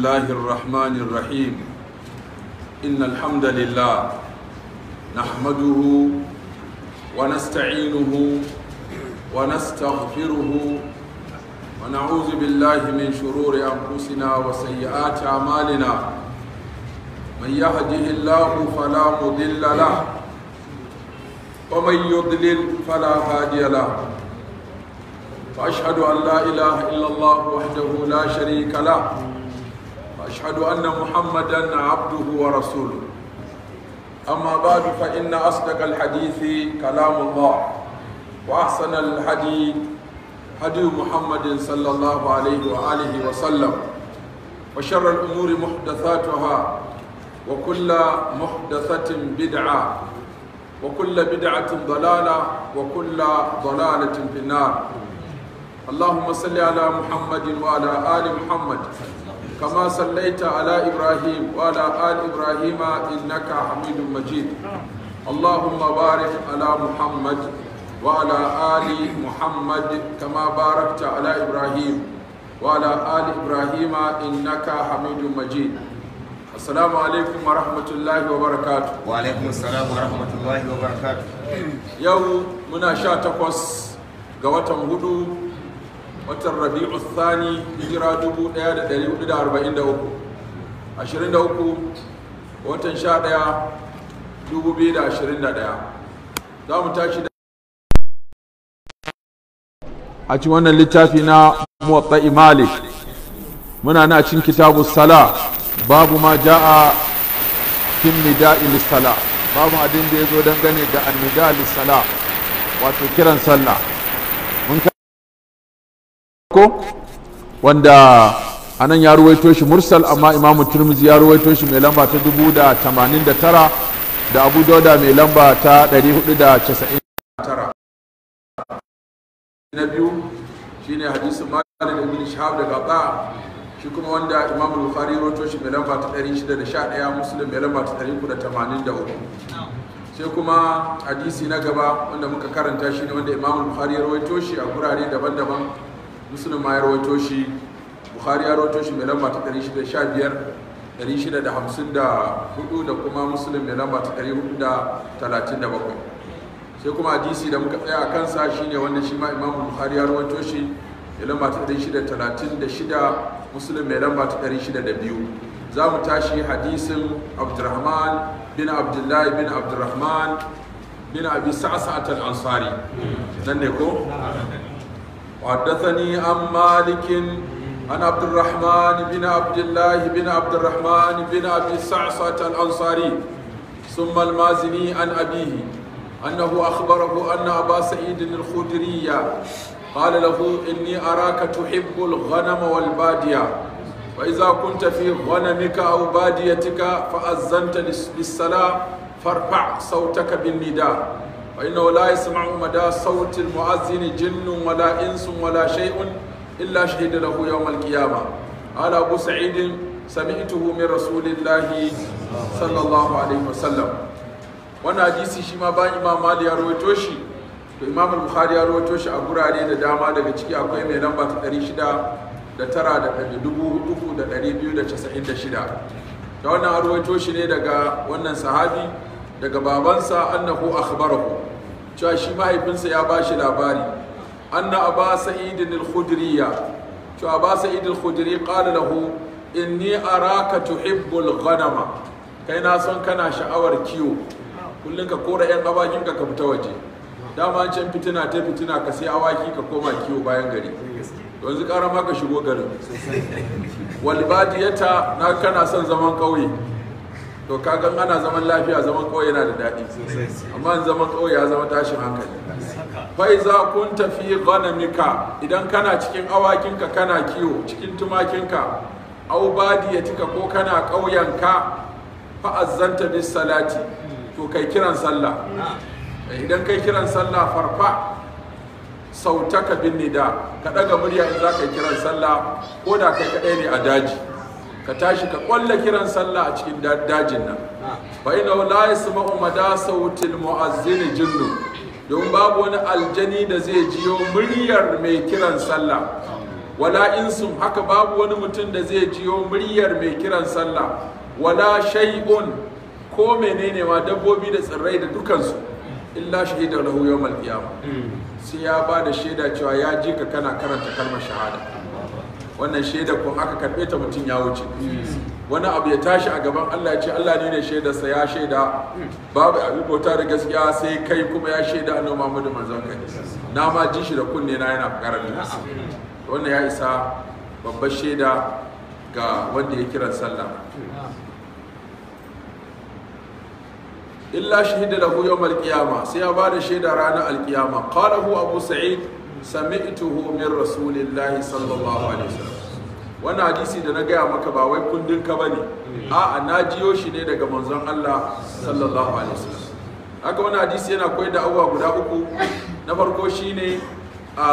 الله الرحمن الرحيم إن الحمد لله نحمده ونستعينه ونستغفره ونعوذ بالله من شرور أنفسنا وسيئات أعمالنا من يهده الله فلا مضل له ومن يضلل فلا هادي له فأشهد ان لا اله الا الله وحده لا شريك له واشهد ان محمدا عبده ورسوله اما بعد فان اصدق الحديث كلام الله واحسن الحديث هدي محمد صلى الله عليه واله وسلم وشر الامور محدثاتها وكل محدثه بدعه وكل بدعه ضلاله وكل ضلاله في النار اللهم صل على محمد وعلى ال محمد كما صليت على إبراهيم وعلى آل إبراهيم إنك حميد مجيد اللهم بارك على محمد وعلى آل محمد كما باركت على إبراهيم وعلى آل إبراهيم إنك حميد مجيد السلام عليكم ورحمة الله وبركاته وعليكم السلام ورحمة الله وبركاته يوم منا شاتقوس قوة هدو watan rabi'u thani hijira 1443 23 watan 11 2021 za mu tashi da a cikin wannan littafi na muwatta'i imali, muna na cikin kitabu sala babu ma ja'a a nida'i lis-sala babu abin da zo dangane da annida lis-sala wato kiran sallah ko wanda anan ya ruwaito shi mursal amma imamu turmizi ya ruwaito shi mai lamba ta 1089 da abu dauda mai lamba ta 499 na biyu shi hadisun hadisin da ibn shahab daga ba shi kuma wanda imamu bukhari ruwaito shi mai lamba ta 611 musulun mai lamba ta 384 sai kuma hadisi na gaba wanda muka karanta shi ne wanda imamu bukhari ya ruwaito shi a gurare daban-daban muslim ma ya rawaito shi bukhari ya rawaito shi mai lamba ta 615 654 da kuma muslim mai lamba ta 437 sai kuma hadisi da muka tsaya a kansa shine wanda shi ma imam bukhari ya rawaito shi mai lamba ta 636 muslim mai lamba ta 602 za mu tashi hadisin abdurrahman bin abdullahi bin abdurrahman bin abi sa'sa'at al-ansari nan ne ko وحدثني عن مالك عن عبد الرحمن بن عبد الله بن عبد الرحمن بن أبي سعصة الأنصاري ثم المازني عن أبيه أنه أخبره أن أبا سعيد الخدري قال له إني أراك تحب الغنم والبادية فإذا كنت في غنمك أو باديتك فأذنت للصلاة فارفع صوتك بالنداء Waɗanne wala a yi suman 'imma da sautin mu'asini junnun wala'insu wala shai'un? Illa shi ne da nahu yau Malkiyama? Ha ala ku sa'idun sami'in tuhumin Rasulillah Sallallahu alaihi wa sallam? Wani hadisi shi ma 'imaman mali ariwarto shi to 'imamar ya ariwarto shi a gurare da dama daga ciki akwai mai lamba ta ɗari shida da tara da ɗaya da dubu da ɗari da wannan ariwarto shi ne daga wannan sahabi Daga babansa sa an cewa shi mahaifinsa ya ba shi labari a ba sa'idin al-khudriya cewa aba sa'id al-khudri qala lahu a raka tuhibbul ghanama kai na son kana sha'awar kiwo kullum ka kora yan awakin ka fita waje dama can fitina ta fitina ka sai awaki ka koma kiwo bayan gari yanzu ƙara ma ka shigo garin walbadiyata na kana son zaman ƙauye to kagan ana zaman lafiya zaman kawai yana da daɗi amma zaman kawai ya zama tashin hankali fai za kun tafi mika idan kana cikin awakinka kana kiwo cikin tumakinka au badiyatika ko kana ƙauyenka fa azzanta bis salati to kai kiran sallah idan kai kiran sallah farfa sautaka bin nida ka daga murya in za ka kiran sallah ko da kai kadai ne a daji ka tashi ka kwalla kiran sallah a cikin dajin nan fa inna la yasma'u mada sautil mu'azzin jinnu don babu wani aljani da zai jiyo muryar mai kiran sallah wala insum haka babu wani mutum da zai jiyo muryar mai kiran sallah wala shay'un ko menene ma dabbobi da tsirrai da dukansu illa shahida lahu yawmal qiyamah hmm. sai ya ba da shaida cewa ya ji ka kana karanta kalmar shahada wannan shaida kun aka karɓe ta mutum ya wuce wani abu ya tashi a gaban Allah ya ce Allah ne ne sa ya shaida babu abin bauta da gaskiya sai kai kuma ya shaida annabi Muhammadu manzon kai na ma ji shi da kunne na yana karanta wannan ya isa babbar shaida ga wanda ya kiran sallah illa shahida lahu yawm al-qiyamah sai ya bada shaida ranar al-qiyamah qala hu abu sa'id sami'tuhu min rasulillahi sallallahu alaihi wasallam wannan hadisi da na gaya maka ba wai kundin ka bane a'a na jiyo shi ne daga manzon Allah sallallahu alaihi wasallam haka wannan hadisi yana koyar da abubuwa guda uku na farko shine a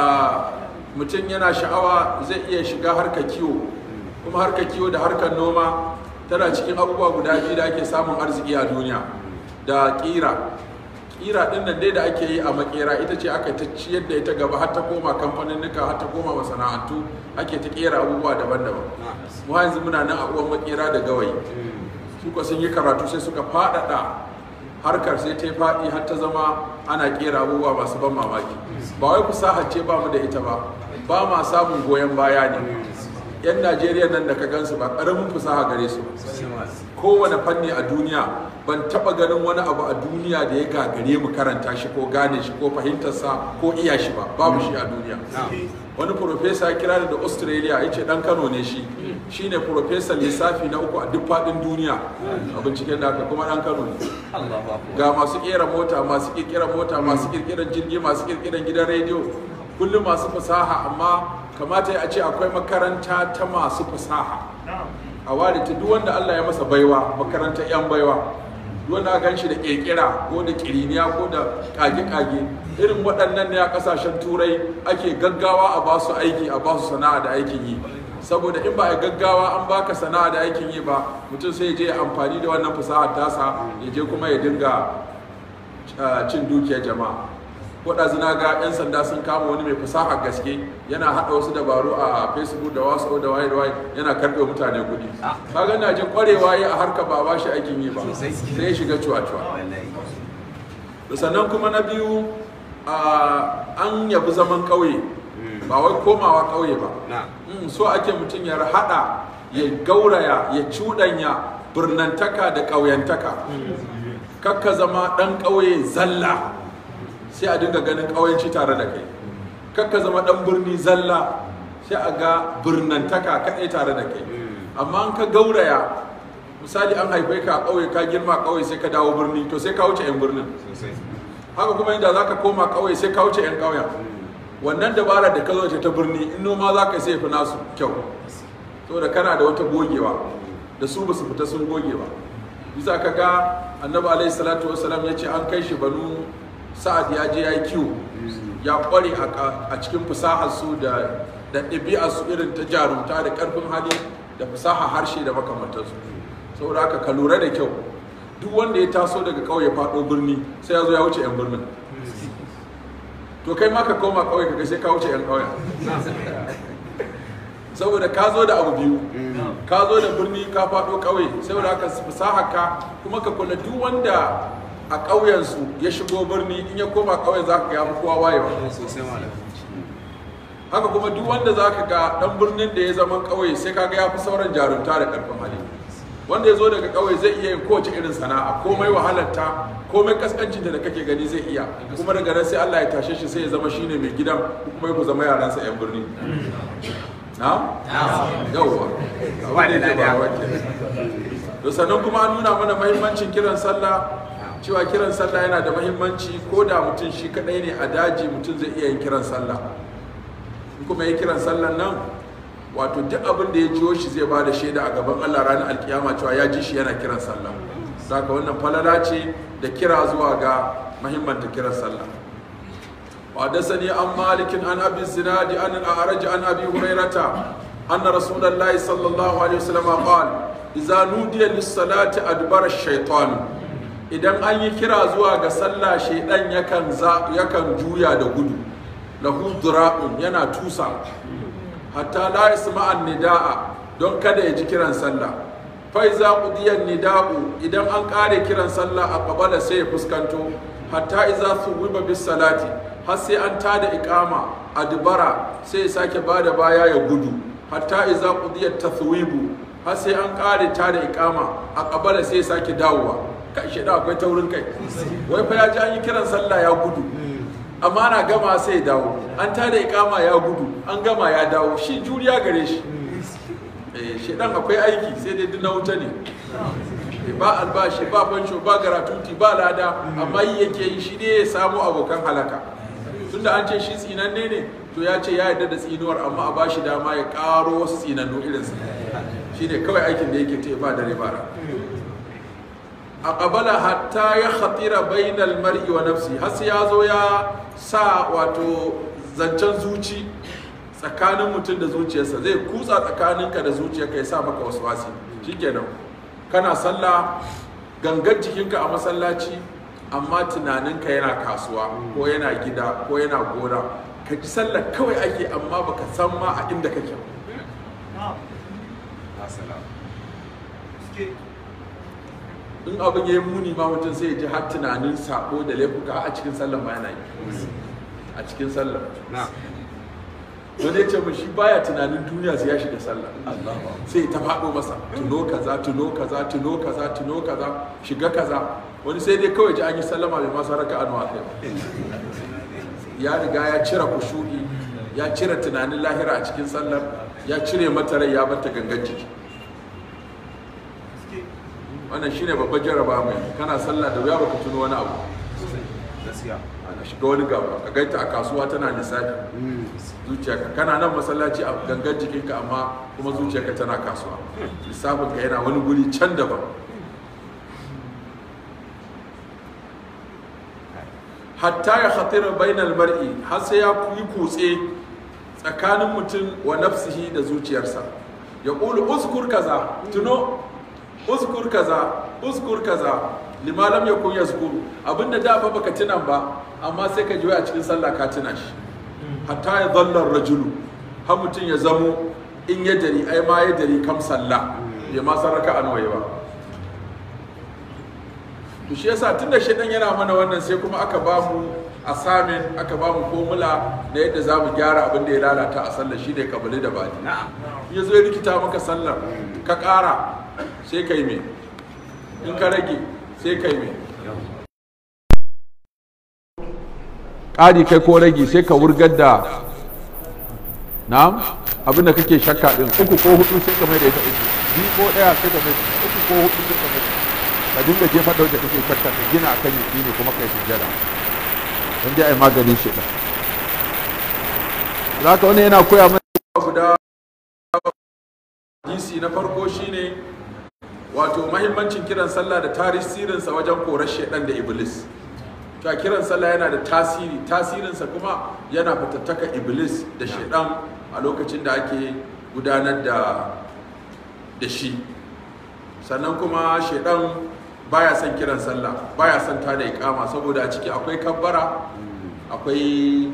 mutum yana sha'awa zai iya shiga harka kiwo kuma harka kiwo da harkar noma tana cikin abubuwa guda biyu da ake samun arziki a duniya da kira kira din nan dai da ake yi a makera ita ce aka ta ciyar da ita gaba har ta koma kamfaninnika har ta koma masana'antu ake ta kera abubuwa daban-daban mu yanzu muna nan a uwan makera da gawayi su sun yi karatu sai suka faɗaɗa harkar sai ta faɗi har ta zama ana kera abubuwa masu ban mamaki ba wai fasaha ce ba mu da ita ba ba ma samun goyon baya ne yan najeriya nan da ka gansu ba ƙaramin fusaha gare su kowane fanni a duniya ban taɓa ganin wani abu a duniya da ya gagare mu karanta shi ko gane shi ko fahimtarsa ko iya shi ba babu shi a duniya wani profesa kira da australia ya ce ɗan kano ne shi shine profesa lissafi na uku a duk faɗin duniya a binciken da aka kuma ɗan kano ne ga masu ƙera mota masu ƙirƙirar mota masu ƙirƙirar jirgi masu ƙirƙirar gidan rediyo kullum masu fasaha amma kamata a ce akwai makaranta ta masu fasaha a ware ta duk wanda Allah ya masa baiwa makaranta yan baiwa wanda aka ganshi da kirkira ko da kiriniya ko da kage-kage irin waɗannan ne a ƙasashen turai ake gaggawa a ba su aiki a ba su sana'a da aikin yi saboda in ba a gaggawa an baka sana'a da aikin yi ba mutum sai ya je amfani da wannan fasaha tasa ya je kuma ya dinga eh, cin dukiyar jama'a koda zina ga yan sanda sun kama wani mai fasaha gaske yana haɗa wasu dabaru a facebook da wasu da waye da waye yana karɓe mutane kuɗi ga na ji kwarewa yi a harka ba ba shi aikin yi ba sai shiga cuwa cuwa sannan kuma na biyu an yabi zaman ƙauye ba wai komawa ƙauye ba mm, so ake mutum ya haɗa ya gauraya ya cuɗanya birnantaka da ƙauyantaka mm. kakka zama ɗan ƙauye zalla sai a dinga ganin kawanci tare da kai kakka zama dan birni zalla sai a ga birnantaka kaɗai tare da kai amma an ka gauraya misali an haife ka a kauye ka girma ƙauye sai ka dawo birni to sai ka wuce 'yan birnin haka kuma inda za ka koma kauye sai ka wuce 'yan kauya. wannan dabara da ka zo ta birni in noma za ka sai fi nasu kyau saboda kana da wata gogewa da su basu fita sun gogewa. bisa ka ga annabi alaihi salatu wasalam ya ce an kai shi banu sa'ad ya je ya yi kiwo ya kware a cikin fasahar su da da ɗabi'ar su irin ta jarumta da ƙarfin hali da fasaha harshe da su saboda haka ka lura da kyau duk wanda ya taso daga ƙauye faɗo birni sai ya zo ya wuce 'yan birnin to kai ma ka koma ƙauye kaga sai ka wuce 'yan ƙauyen saboda ka zo da abu biyu ka zo da birni ka faɗo ƙauye saboda haka fasaha ka kuma ka kula duk wanda a ƙauyensu ya shigo birni in ya koma ƙauyen za ka yamu kowa waye wayewa haka kuma duk wanda za ka ga ɗan birnin da ya zama ƙauye sai ka ga ya fi sauran jarumta da ƙarfin hali wanda ya zo daga ƙauye zai iya yin kowace irin sana'a komai wahalarta komai kaskancin da kake gani zai iya kuma daga nan sai Allah ya tashe shi sai ya zama shine mai gidan kuma ku zama yaransa 'yan birni na? yawwa da ya ba to sannan kuma an nuna mana mahimmancin kiran sallah cewa kiran sallah yana da mahimmanci ko da mutum shi kadai ne a daji mutum zai iya yin kiran sallah kuma ya kiran sallah nan wato duk abin da ya jiyo shi zai ba da shaida a gaban Allah ranar alkiyama cewa ya ji shi yana kiran sallah saka wannan falala ce da kira zuwa ga mahimmanta kiran sallah وحدثني عن مالك عن ابي الزناد عن الاعرج عن ابي هريره ان رسول الله صلى الله عليه وسلم قال اذا نودي للصلاه ادبر الشيطان idan an yi kira zuwa ga sallah shaidan yakan yakan juya da gudu lahu dura'un yana tusa hatta la yasma'an nida'a don kada ya ji kiran sallah faiza qudiyan nida'u idan an kare kiran sallah a kabala sai ya fuskanto hatta iza suwiba bis salati har sai an tada ikama adbara sai ya sake bada baya ya gudu hatta iza qudiyat tathwibu har sai an kare tada ikama a kabala sai ya sake dawowa kai shi da akwai taurin kai wai fa ya ji an yi kiran sallah ya gudu amma ana gama sai ya dawo an tada ikama ya gudu an gama ya dawo shi juriya gare shi eh shi dan akwai aiki sai dai duna wuta ne eh, ba albashi ba fansho ba garatuti ba lada amma yi yake yi shi ne ya samu abokan halaka tunda an ce shi tsinanne ne to ya ce ya yarda da tsinuwar amma a bashi dama ya karo wasu tsinannu irinsa ne kawai aikin da yake ta ba dare ba a ƙabala hatta ya khatira bainal mar'i wa nafsi har ya zo ya sa wato zancen zuci tsakanin mutum da zuciyarsa zai kutsa tsakaninka da zuciyarka ya sa maka waswasi shikenan kana sallah gangan jikinka a masallaci amma tunaninka yana kasuwa ko yana gida ko yana gona ka ji sallah kawai ake amma baka san ma a inda kake ba in abin ya yi muni ma mutum sai ji har tunanin sako da laifuka a cikin sallan ma yana yi a cikin sallan wani ya ce shi baya tunanin duniya sai ya shiga sallah sai ta faɗo masa tuno kaza tuno kaza tuno kaza tuno kaza shiga kaza wani sai dai kawai ji an yi sallama bai masu raka anuwa kai ya riga ya cire kushu'i ya cire tunanin lahira a cikin sallar ya cire mata rai ya bata gangan jiki wannan shine babbar jaraba mai kana sallah da wuya baka tuno wani abu ana shiga wani gaba ka gaita a kasuwa tana lissafi zuciyarka kana nan masallaci a gangar jikinka amma kuma zuciyarka tana kasuwa lissafin ka yana wani guri can daban hatta ya khatira bainal mar'i har sai ya yi kutse tsakanin mutum wa nafsihi da zuciyarsa ya ƙulu uskur kaza tuno uskur kaza uskur kaza lima ya yakun yazkur abinda da ba baka tunan ba amma sai ka ji a cikin sallah ka tuna shi hatta ya dhalla rajulu har mutum ya zamo in ya dari ai ma ya dari kam sallah ya ma saraka an nawa ba to shi yasa tunda shedan yana mana wannan sai kuma aka ba mu assignment aka ba mu formula na yadda za mu gyara abin da ya lalata a sallar shi ne kabali da bali ya zo ya rikita maka sallar ka ƙara sai kai me in ka rage sai kai me ƙari kai ko rage sai ka wurgar da na'am abin da kake shakka din uku ko hudu sai ka mai da ita uku biyu ko daya sai ka mai uku ko hudu sai ka mai ka dinga jefa da wajen kake shakka ka gina akan yaki ne kuma kai sujjada in dai a yi magani shi za ka wani yana koya mana guda hadisi na farko shine wato mahimmancin kiran sallah da tarihinsa wajen korar shaidan da iblis ta kiran sallah yana da tasiri tasirinsa kuma yana fatattaka iblis da shaidan a lokacin da ake gudanar da da shi sannan kuma shaidan baya son kiran sallah baya son tada ikama saboda a ciki akwai kabbara akwai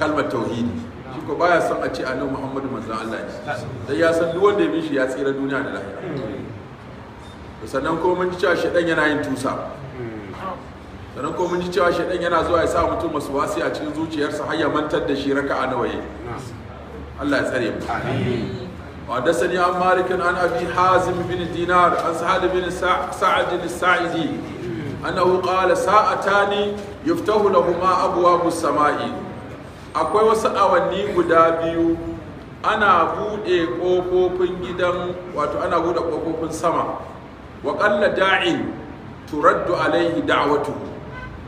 kalmar tauhidi shi ko baya son a ce annabi Muhammadu manzon Allah ne dan ya san duk wanda ya bi shi ya tsira duniya da lahira sannan kuma mun ji cewa shedan yana yin tusa sannan kuma mun ji cewa shedan yana zuwa ya sa mutum masu wasi a cikin zuciyarsa har ya mantar da shi raka'a nawaye Allah ya tsare mu amin وحدثني عن مالك عن ابي حازم بن دينار عن سعد بن سعد الساعدي انه قال ساعتان يفتح لهما ابواب السماء akwai wasu awanni guda biyu ana buɗe ƙofofin gidan wato ana buɗe kofofin sama wa ƙalla da'in turaddu alaihi da'watu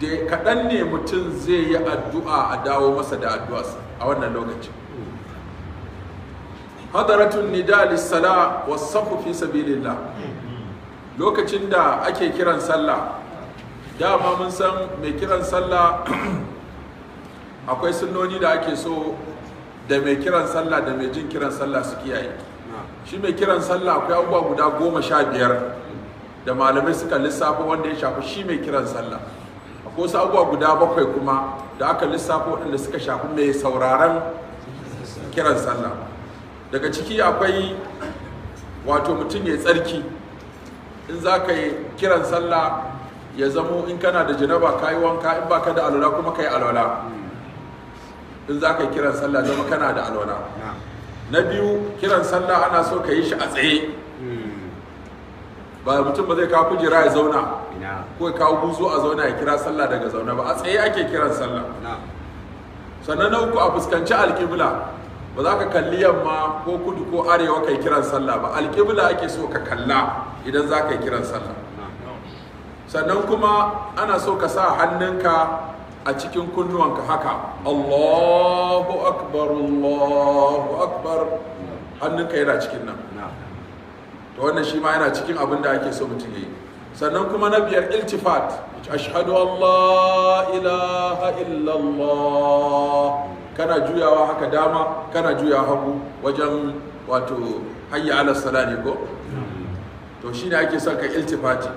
da kaɗan ne mutum zai yi addu'a a dawo masa da addu'a a wannan lokacin hadaratun nida lissala wasafu fi sabilillah lokacin da ake kiran sallah dama mun san mai kiran sallah akwai sunnoni da ake so da mai kiran sallah da mai jin kiran sallah su kiyaye shi mai kiran sallah akwai abubuwa guda goma sha biyar da malamai suka lissafa wanda ya shafi shi mai kiran sallah akwai wasu abubuwa guda bakwai kuma da aka lissafa waɗanda suka shafi mai sauraron kiran sallah daga ciki akwai wato mutum ya tsarki in za ka yi kiran sallah ya zamo in kana da janaba ka yi wanka in ba ka da alwala kuma ka yi alwala in za ka yi kiran sallah zama kana da alwala na biyu kiran sallah ana so ka yi shi a tsaye hmm. ba mutum ba zai kawo kujera ya zauna ko ya kawo buzu a zauna ya kira sallah daga zauna ba a tsaye ake kiran sallah sannan na uku a fuskanci alkibla ba za ka kalli yamma ko kudu ko arewa kai kiran sallah ba alƙibla ake so ka kalla idan za ka yi kiran sallah sannan kuma ana so ka sa hannunka a cikin kunnuwanka haka Allahu akbar Allahu akbar hannunka yana cikin nan to wannan shi ma yana cikin abin da ake so mutum ya yi sannan kuma na biyar iltifat ashhadu Allah ilaha illallah kana juyawa haka dama kana juyawa hagu wajen wato hayya ala ne ko to shine ake son ka iltifati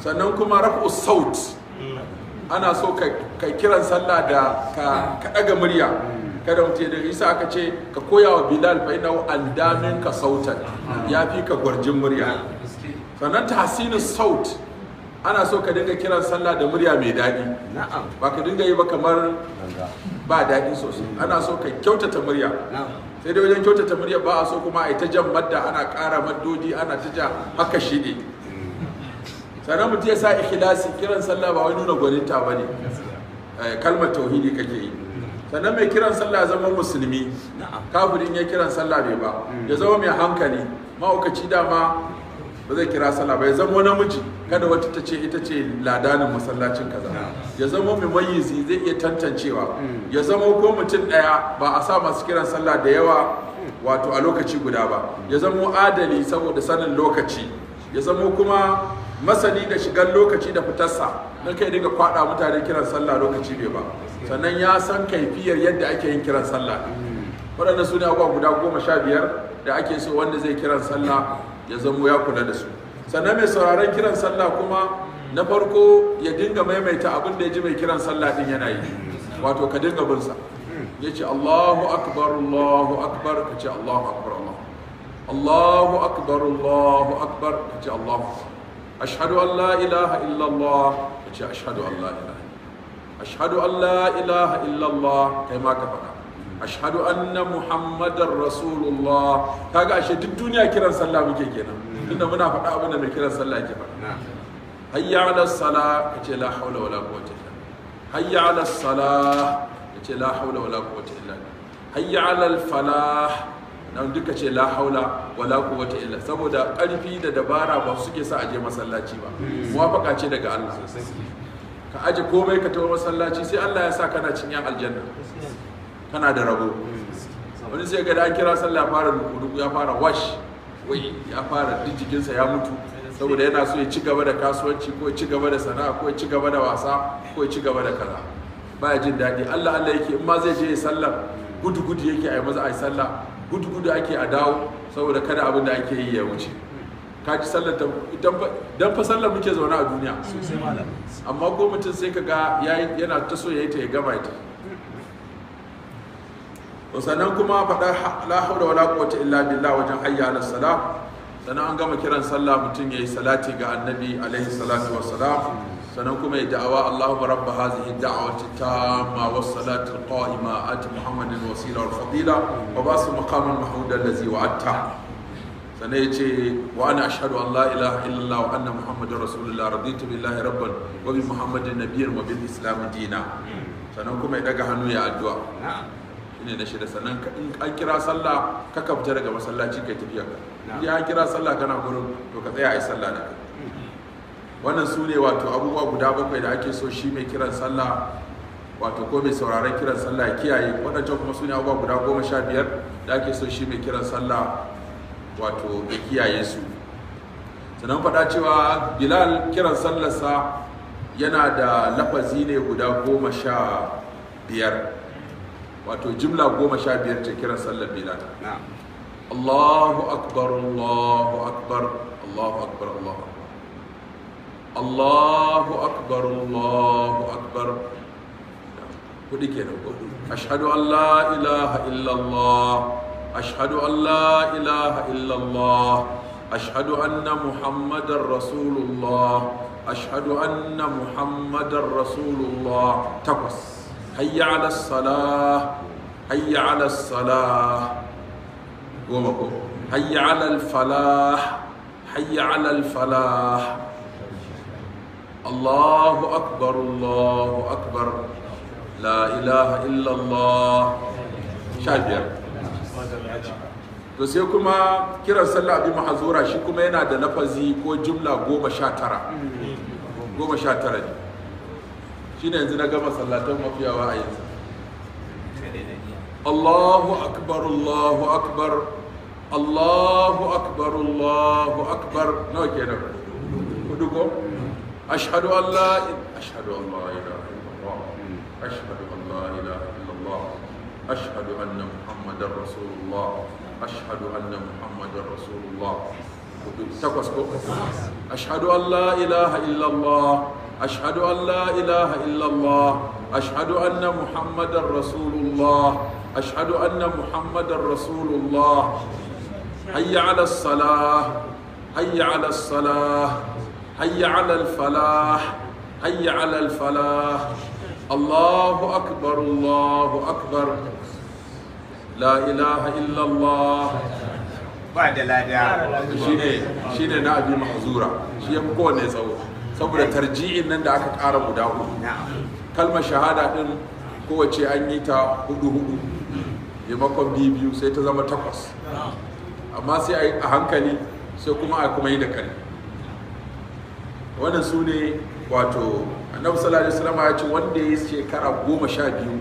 sannan kuma raf'u saut ana so ka kiran sallah da ka ɗaga murya kada mutum da isa aka ce ka koya wa bilal fa innahu andamin ka sautan ya fi ka gwarjin murya sannan tahsinu saut ana so ka dinga kiran sallah da murya mai daɗi ba ka dinga yi ba kamar ba daɗi sosai mm. ana so ka kyautata murya sai dai wajen kyautata murya ba a so kuma a yi ta jan madda ana ƙara maddodi ana ta ja haka shi ne mm. sannan mutum ya sa ikhlasi kiran sallah ba wai nuna gwaninta ba ne eh, kalmar tauhidi kake yi mm. sannan mai kiran sallah zama musulmi kafirin ya kiran sallah bai ba ya zama mai hankali ma'aukaci dama ba zai kira sallah ba ya zama namiji kada wata ta ce ita ce ladanin masallacin kaza ya zama mai mayizi zai iya tantancewa mm. ya zama ko mutum daya ba a sa masu kiran sallah da yawa wato a lokaci guda ba ya zama adali saboda sanin lokaci ya zama kuma masani da shigar lokaci da fitarsa Na kai daga kwada mutane kiran sallah lokaci bai ba sannan ya san kaifiyar yadda ake yin kiran sallah mm. waɗannan su ne abubuwa guda goma sha biyar da ake so wanda zai kiran sallah ya zamo ya kula da su sannan mai sauraron kiran sallah kuma na farko ya dinga maimaita abin da ya ji mai kiran sallah din yana yi wato ka dinga bin sa ya ce Allahu akbar Allahu akbar ka ce Allahu akbar Allah Allahu akbar Allahu akbar ka ce Allahu ashhadu an la ilaha illa Allah ka ce ashhadu an la ilaha ashhadu an la ilaha illa Allah kai ma ka faɗa ashhadu anna muhammadar rasulullah kaga ashe duk duniya kiran sallah muke kenan tunda muna faɗa abin da mai kiran sallah ke faɗa hayya ala sala kace la haula wala quwwata illa hayya ala sala kace la haula wala quwwata illa hayya ala al falah nan duka ce la haula wala quwwata illa saboda ƙarfi da dabara ba suke sa aje masallaci ba mm. muwafaka ce daga Allah ka aje komai ka tawo masallaci sai Allah ya sa kana cikin aljanna kana da rabo wani sai ga da kira sallah fara rukunuku ya fara wash wai ya fara jikinsa ya mutu saboda yana so ya ci gaba da kasuwanci ko ci gaba da sana'a ko ci gaba da wasa ko ci gaba da kaza baya jin daɗi Allah Allah yake in ma zai je ya sallar gudu gudu yake a yi maza a yi sallah gudu gudu ake a dawo saboda kada abin da ake yi ya wuce ka ji sallar ta dan fa sallar muke zaune a duniya amma ko mutum sai ka ga yana ta so ya yi ta ya gama ta sannan kuma faɗa la haula wala quwwata illa billah wajen hayya ala sannan an gama kiran sallah mutum yayi salati ga annabi alaihi salatu wassalam sannan kuma ya da'awa Allahumma rabb hadhihi da'wati tamma was qa'ima muhammadin wasila wal fadila wa basu allazi wa'atta sannan wa ana ashhadu an la ilaha illallah wa anna muhammadar rasulullah raditu billahi rabban wa bi muhammadin nabiyyan wa bil islam dina sannan kuma ya daga hannu ya addu'a shine na shida sannan in an kira sallah ka kafta daga masallaci kai tafiya ka ya kira sallah kana gurin to ka tsaya a yi sallah da kai wannan su ne wato abubuwa guda bakwai da ake so shi mai kiran sallah wato ko mai sauraron kiran sallah ya kiyaye waɗancan kuma su ne abubuwa guda goma sha biyar da ake so shi mai kiran sallah wato ya kiyaye su sannan faɗa cewa bilal kiran sallarsa yana da lafazi ne guda goma sha biyar wato jimla goma sha biyar ce kiran sallar bilal Allahu akbar Allahu akbar Allahu akbar Allahu akbar Allahu akbar Allahu akbar kudi kenan ko ashhadu an la ilaha illallah ashhadu an la ilaha illallah ashhadu anna muhammadar rasulullah ashhadu anna muhammadar rasulullah takwas hayya ala salah hayya ala salah goma ko hayya ala al falah Allahu akbar Allahu akbar la ilaha to sai kuma kiran sallah abin mahazura shi kuma yana da lafazi ko jumla goma sha tara goma sha tara ne shine yanzu na gama sallatan mafiyawa a yanzu Allahu akbar Allahu akbar Allahu akbar Allahu akbar nawa kenan hudu ko ashhadu an la ashhadu an la ilaha illallah ashhadu an la ilaha illallah ashhadu anna muhammadar rasulullah ashhadu anna muhammadar rasulullah hudu takwas ko ashhadu an la ilaha illallah أشهد أن لا إله إلا الله أشهد أن محمد رسول الله أشهد أن محمد رسول الله حي على الصلاة حي على الصلاة حي على الفلاح حي على الفلاح الله أكبر الله أكبر لا إله إلا الله بعد لا شيء شيء نبي محزورة شيء مكون يسوي saboda tarji'in nan da aka ƙara guda hudu kalmar shahada ɗin kowace an yi ta hudu hudu maimakon biyu biyu sai ta zama takwas amma sai a yi a hankali sai kuma a kuma yi da kare wannan su ne wato annabi sallallahu alaihi ya ce wanda ya shekara goma sha biyu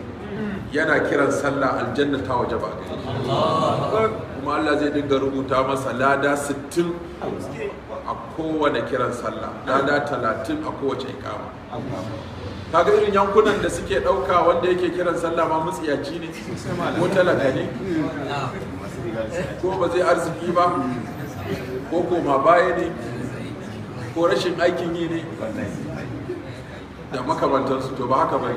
yana kiran sallah aljannata ta waje ba kuma Allah zai dinga rubuta masa lada sittin. a kowane kiran sallah lada talatin a kowace ikama kaga irin yankunan da suke ɗauka wanda yake kiran sallah ma mutsiyaci ne ko talaka ne ko ba zai arziki ba ko koma baya ne ko rashin aikin yi ne da makamantarsu to ba haka ba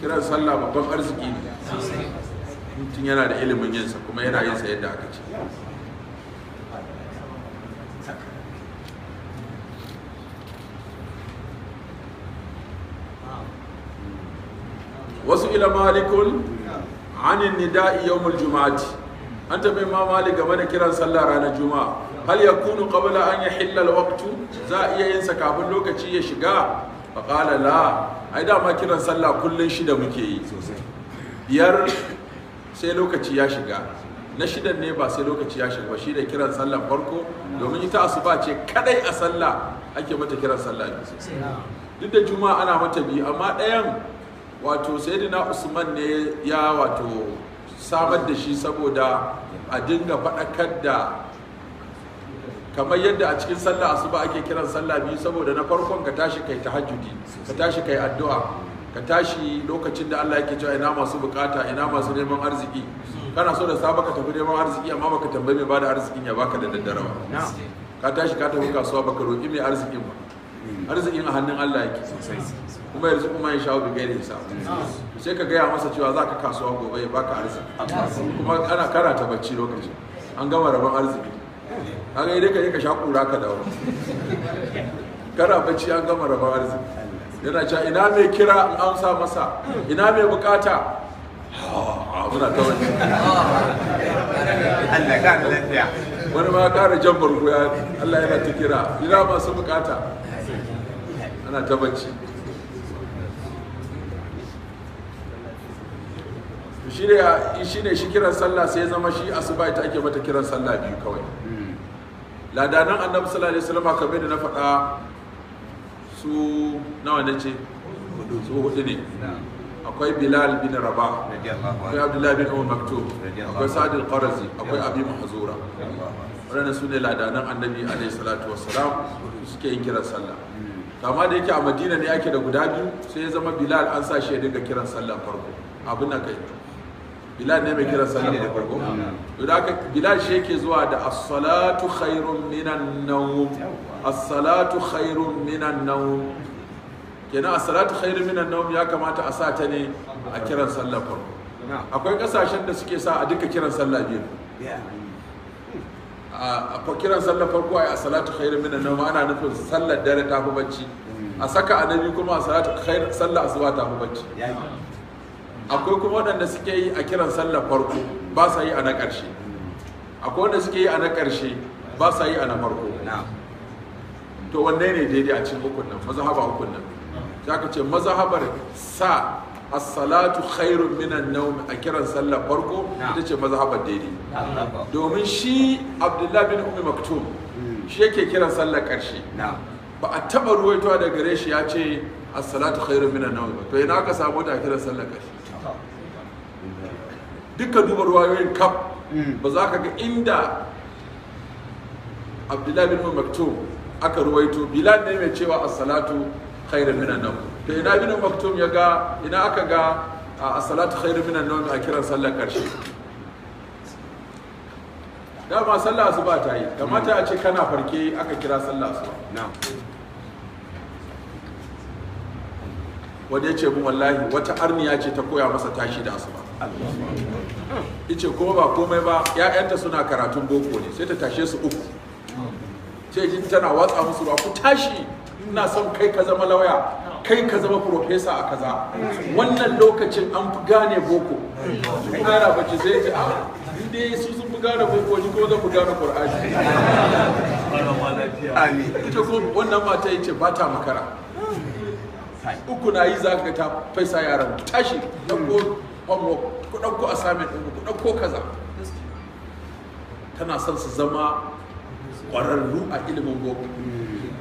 kiran sallah babban arziki ne mutum yana da ilimin yinsa kuma yana yinsa yadda aka ce wasu ila malikun anin nida'i yawmul juma'ati an tafi ma game da kiran sallah ranar juma'a hal kunu qabla an yahilla alwaqtu za a iya yin kafin lokaci ya shiga fa qala la ai dama kiran sallah kullun shida muke yi biyar sai lokaci ya shiga na shidan ne ba sai lokaci ya shiga shi da kiran sallah farko domin ita asuba ce kadai a sallah ake mata kiran sallah duk da juma'a ana mata biyu amma ɗayan wato sayyidina usman ne ya wato samar da shi saboda a dinga faɗakar da kamar yadda a cikin sallah asuba ake kiran sallah biyu saboda na farkon ka tashi kai tahajjudi ka tashi kai addu'a ka tashi lokacin da Allah yake cewa ina masu bukata ina masu neman arziki kana so da saba ka tafi neman arziki amma baka tambaye mai bada arzikin ya baka da daddarawa ka tashi ka tafi kasuwa baka roki mai arzikin ba arzikin a hannun Allah yake sosai kuma yanzu kuma ya shawo da gairin sa sai ka gaya masa cewa za ka kasuwa gobe ya baka arziki kuma kana kana ta bacci lokacin an gama rabon arziki kaga idan ka je ka sha kura ka dawo kana bacci an gama rabon arziki yana cewa ina mai kira in amsa masa ina mai bukata muna ta wani Allah ka lafiya wani ma ya kara jan bargo ya Allah yana ta kira ina masu bukata ana ta bacci shi ne shi kiran sallah sai zama shi asuba ita ake mata kiran sallah biyu kawai ladanan annabi sallallahu alaihi wasallam kamar da na faɗa su nawa ne ce su hudu ne akwai bilal bin raba akwai abdullahi bin umar maktub akwai sa'ad al-qarazi akwai abi mahzura waɗannan su ne ladanan annabi alaihi salatu wassalam suke yin kiran sallah hmm. amma da yake a madina ne ake da guda biyu sai ya zama bilal an sa shi ya dinga kiran sallar farko abin na kai bilal ne mai kiran sallar farko mm. da haka bilal shi yake zuwa da as-salatu khairun minan nawm as-salatu khairun minan nawm kenan as-salatu khairun minan nawm ya kamata a sa ta ne a kiran sallar farko akwai kasashen da suke sa a duka kiran sallah biyu a kiran sallar farko a salatu khairu minan ma ana nufin sallar dare ta fi bacci a saka annabi kuma a salatu khairu sallar asuba ta fi bacci akwai kuma waɗanda suke yi a kiran sallar farko ba sa yi a na ƙarshe akwai wanda suke yi a na ƙarshe ba sa yi a na farko to wanne ne daidai a cikin hukun nan hukunan. hukun nan za ka ce mazhabar sa as-salatu khairun minan nawm a kiran sallar farko ita ce mazhabar daidai domin shi abdullahi bin ummi maktum hmm. shi yake kiran sallar karshe ba a taba ruwaitowa da gare shi ya ce as-salatu khairun minan nawm to ina aka samu ta kiran sallar karshe dukkan duba ruwayoyin kaf hmm. ba za ka ga inda abdullahi bin ummi maktum aka ruwaito bilal ne mai cewa as-salatu khairun minan nawm da ina ibn maktum ya ga ina aka ga a salatu khairu minan nawm a kiran sallar karshe dama sallar ba ta yi kamata a ce kana farke aka kira sallar su. wani ya ce mu wallahi wata arniya ce ta koya masa tashi da asuba ice kuma ba komai ba ya'yanta suna karatun boko ne sai ta tashe su uku ce tana watsa musu ruwa ku tashi ina son kai ka zama lauya kai ka zama profesa a kaza wannan lokacin an fi gane boko ƙara gara bace zai ji ah, a inda su sun fi gane boko ni ko zan fi gane qur'ani ita ko wannan mata yace ba ta makara uku na yi za ka ta faisa yaran tashi ɗauko homework ku ɗauko assignment ɗin ku ɗauko kaza tana son su zama ƙwararru a ilimin boko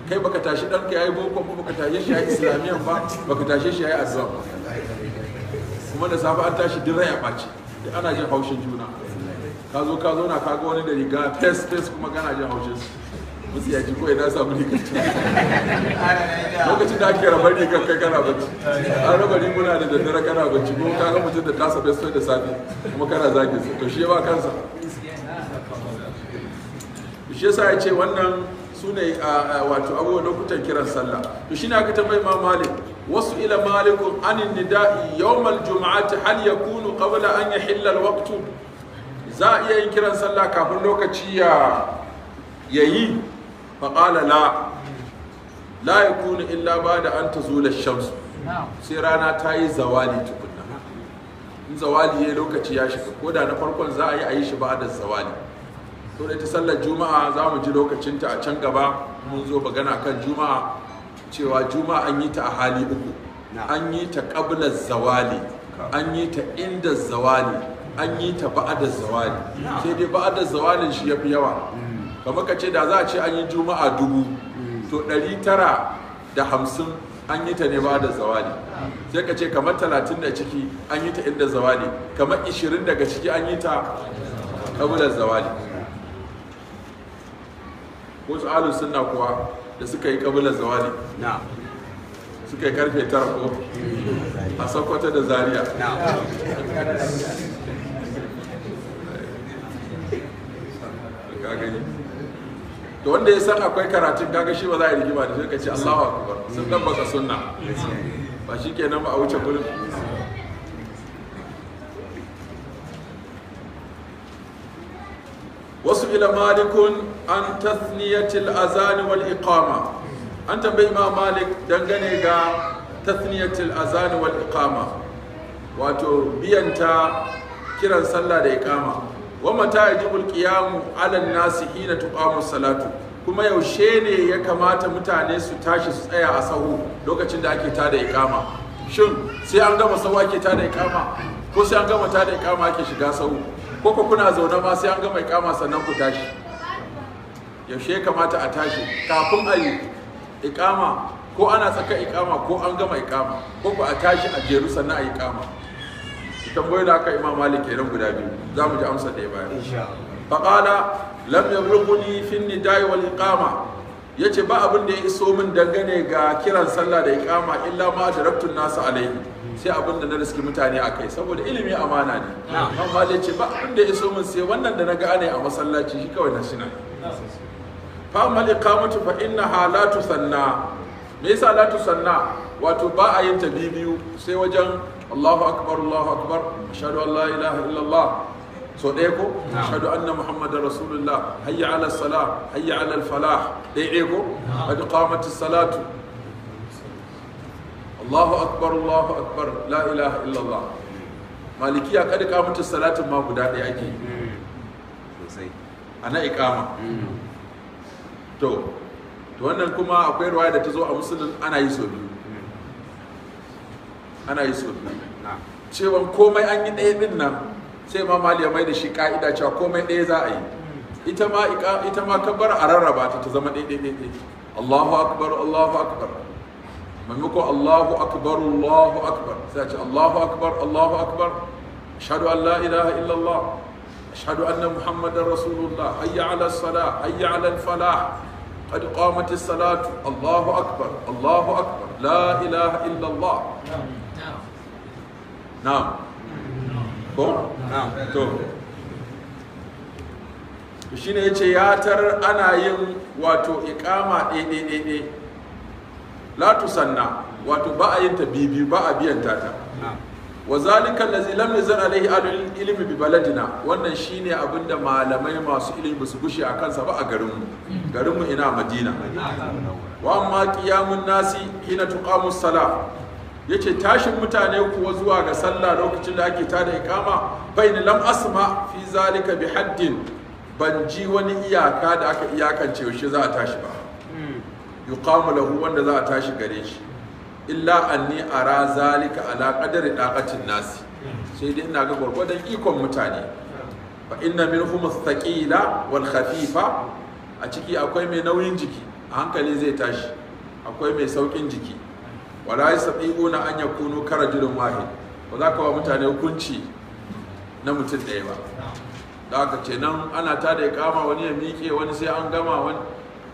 kai baka tashi dan ya yi boko ko baka tashe shi ya yi islamiyan ba baka tashe shi ya yi kuma da safe an tashi dira ya ɓaci da ana jin haushin juna ka zo ka zauna ka ga wani da riga fes fes kuma kana jin haushin su musu yaji ko idan samu ne kace. lokacin da ake rabar ne kai kana bacci an raba riguna da daddare kana bacci ko ka ga mutum da tasa fes fes da safe kuma kana zagi sa to shi ya ba kansa shi yasa ya ce wannan su ne wato abubuwan lokutan kiran sallah to shine aka tambayi ma malik wasu ila malikun anin nida'i yawmal ta hal yakunu qabla an yahilla alwaqtu za a iya yin kiran sallah kafin lokaci ya yayi fa qala la la yakunu illa ba'da an tazula ash-shams sai rana ta yi zawali tukunna in zawali yayi lokaci ya shiga koda na farkon za a yi a yi shi ba da zawali to da ita sallar juma'a za mu ji lokacinta a can gaba mun zo magana kan juma'a cewa juma'a an yi ta a hali uku an yi ta ƙablar zawali an yi ta inda zawali an yi ta ba'ada zawali sai dai ba'ada zawalin shi ya fi yawa hmm. kamar ka ce da za a ce an yi juma'a dubu hmm. to ɗari tara da hamsin an yi ta ne ba'ada zawali sai ka ce kamar talatin da ciki an yi ta inda zawali kamar ishirin daga ciki an yi ta kabular zawali ko su ahlus sunna kuwa da suka yi kabilar zawali suka yi karfe tara ko a sakwata da zaria da wanda ya san akwai karatun gaga shi ba za a yi rigima da shi ka ce allawa ba. sun dan baka sunna ba shi kenan ba a wuce gurin wasu ila malikun an tasniyatil azani wal Ikama, an tambayi imam malik dangane ga tasniyatil azani wal Ikama, wato biyanta kiran sallah da ikama wa mata yajibul qiyamu ala nasi hina tuqamu salatu kuma yaushe ne ya kamata mutane su tashi su tsaya a sahu lokacin da ake da ikama? shin sai an gama sahu ake da ikama? ko sai an gama tada iqama ake shiga sahu koko kuna zaune ma sai an gama ikama sannan ku tashi yaushe ya kamata a tashi kafin a yi ikama ko ana tsaka ikama ko an gama ikama ko ku a tashi a jeru sannan a yi ikama tambayi da aka imam malik kenan guda biyu za mu ji amsa da ya bayar qala lam yablughuni fi nidai wal iqama yace ba abin da ya iso min dangane ga kiran sallah da iqama illa ma adraktu nasu alaihi sai abin da na riski mutane a kai saboda ilimi amana ne amma da ce ba abin da ya so min sai wannan da na ga ne a masallaci shi kawai na shina fa mal iqamatu fa innaha la tusanna me yasa la tusanna wato ba a yin ta biyu sai wajen Allahu akbar Allahu akbar ashhadu an la ilaha illallah so ɗaya ko ashhadu anna muhammadar rasulullah hayya ala salah hayya ala falah ɗaya ko qad qamatis salatu Allahu akbar Allahu akbar la ilaha illallah malikiya kada ka mutu salatin ma guda ɗaya ake sosai ana ikama to to wannan kuma akwai ruwaya da ta zo a musulun ana yi so biyu ana yi so biyu cewa komai an yi ɗaya ɗin nan sai ma mali ya mai da shi ka'ida cewa komai ɗaya za a yi ita ma ita ma kabbar a rarraba ta ta zama ɗaya ɗaya ɗaya Allahu akbar Allahu akbar maimako Allahu akbar Allahu akbar sai ce Allahu akbar Allahu akbar ashhadu an la ilaha illallah ashhadu anna muhammadar rasulullah hayya ala salah hayya ala falah قد قامت الصلاة الله أكبر الله أكبر لا إله إلا الله نعم ko? na'am to yace ya tar ana yin wato iqama ɗaiɗaiɗaiɗai latu tusanna wato ba a yin ta bibi ba a biyan ta ta wa zalika allazi lam yazal alaihi alul ilmi bi baladina wannan shine abinda malamai masu ilimi su gushe a kansa ba a garin mu garin mu ina madina wa amma qiyamun nasi hina tuqamu sala yace tashin mutane kuwa zuwa ga sallah lokacin da ake tada ikama bain lam asma fi zalika bi haddin ban ji wani iyaka da aka iyakance yaushe za a tashi ba yuqamu lahu wanda za a tashi gare shi illa anni ara zalika ala qadari daqatin nasi sai dai ina ga gwargwadon ikon mutane fa inna minhum athqila wal khafifa a ciki akwai mai nauyin jiki a hankali zai tashi akwai mai saukin jiki wala yastati'una an yakunu karajulun wahid ba za ka wa mutane hukunci na mutum ɗaya ba da aka ce nan ana tada ya kama wani ya miƙe wani sai an gama wani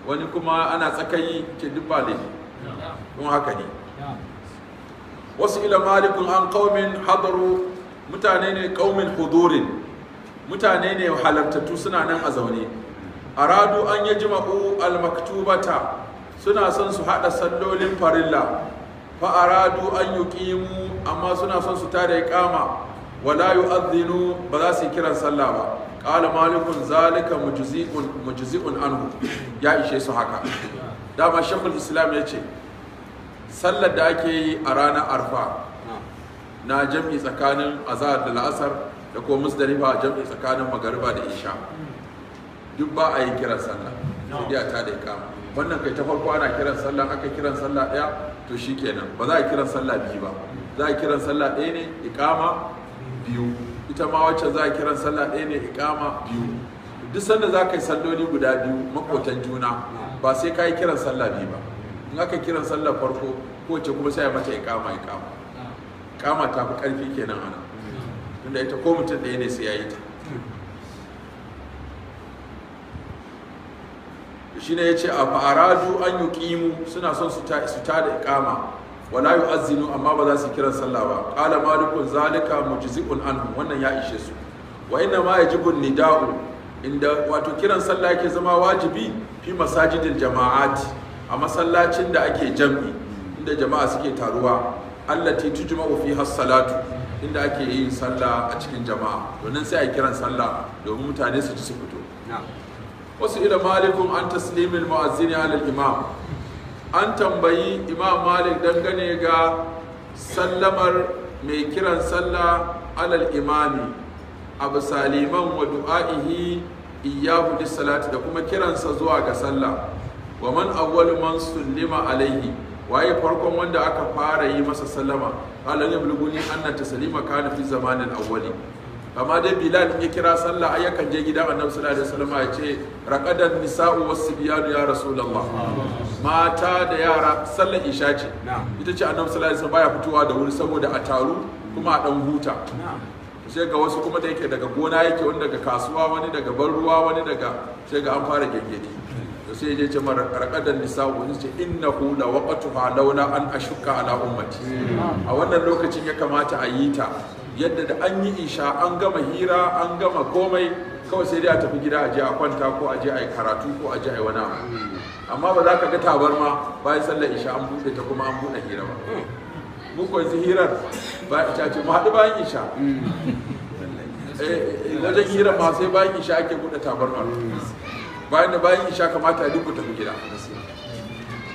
wani kuma ana tsakayi ke duk don haka ne wasu ila an kaumin hadaru mutane ne kaumin hudurin mutane ne halartattu suna nan a zaune aradu an yi jima'u almaktubata suna son su haɗa sallolin farilla fa radu an yi ƙimu amma suna son su tare kama wala yu'adhdhinu ba za su yi kiran sallah ba qala malikun zalika mujzi'un mujzi'un anhu ya ishe su haka dama shekul islam ya ce sallar da ake yi a ranar arfa na jam'i tsakanin azahar da la'asar da kuma musdalifa jam'i tsakanin magariba da isha duk ba a yi kiran sallah sai a ta da kama. wannan kai ta farko ana kiran sallah aka kiran sallah ɗaya to shi kenan ba za a kiran sallah biyu ba za a kiran sallah ɗaya ne ikama biyu ita ma wacce za a kiran sallah ɗaya ne ikama biyu duk sanda za ka yi salloli guda biyu makotan juna ba sai ka yi kiran sallah biyu ba in aka kiran sallah farko kowace kuma sai mata ikama ikama ikama ta fi ƙarfi kenan ana tunda ita ko mutum ɗaya ne sai ya yi ta shi ne ya ce a fa'aradu an yi ƙimu suna son su ta da ikama wala yu'azzinu amma ba za su kiran sallah ba qala malikun zalika mujizikun anhu wannan ya ishe su wa inna ma yajibu nida'u inda wato kiran sallah yake zama wajibi fi masajidil jama'at a masallacin da ake jam'i inda jama'a suke taruwa allati tujma'u fi salatu inda ake yin sallah a cikin jama'a domin sai a kiran sallah domin mutane su ci su fito wasu ila malikun an taslimin mu'azzini alal imam an tambayi imam malik dangane ga sallamar mai kiran sallah alal imami abu saliman wa du'a'ihi iyahu bis salati da kuma kiransa zuwa ga sallah wa man awwal man sullima alaihi waye farkon wanda aka fara yi masa sallama alal yablughuni anna taslima kana fi zamanin awwali amma dai bilal ya kira sallah ai yakan je gidan annabi sallallahu alaihi wasallam ya ce raqadan nisa'u wasbiyanu ya rasulullah mata da yara sallan isha ce ita ce annabi sallallahu alaihi wasallam baya fitowa da wuri saboda a taru kuma a dan huta sai ga wasu kuma da yake daga gona yake wani daga kasuwa wani daga ban ruwa wani daga sai ga an fara gegedi to sai je ce mar raqadan nisa'u wani ce innahu la waqtuha launa an ashukka ala ummati hmm. a wannan lokacin ya kamata a yi ta yadda da an yi isha an gama hira an gama komai kawai sai dai a tafi gida a je a kwanta ko a je a yi karatu ko a je a yi wani abu amma ba za ka ga tabarma bayan sallar isha an buɗe ta kuma an buɗe hira ba mu ko yanzu hirar ba ita ce mu haɗu bayan isha eh, wajen hirar ma sai bayan isha ake buɗe tabarma bayan da bayan isha kamata a duk tafi gida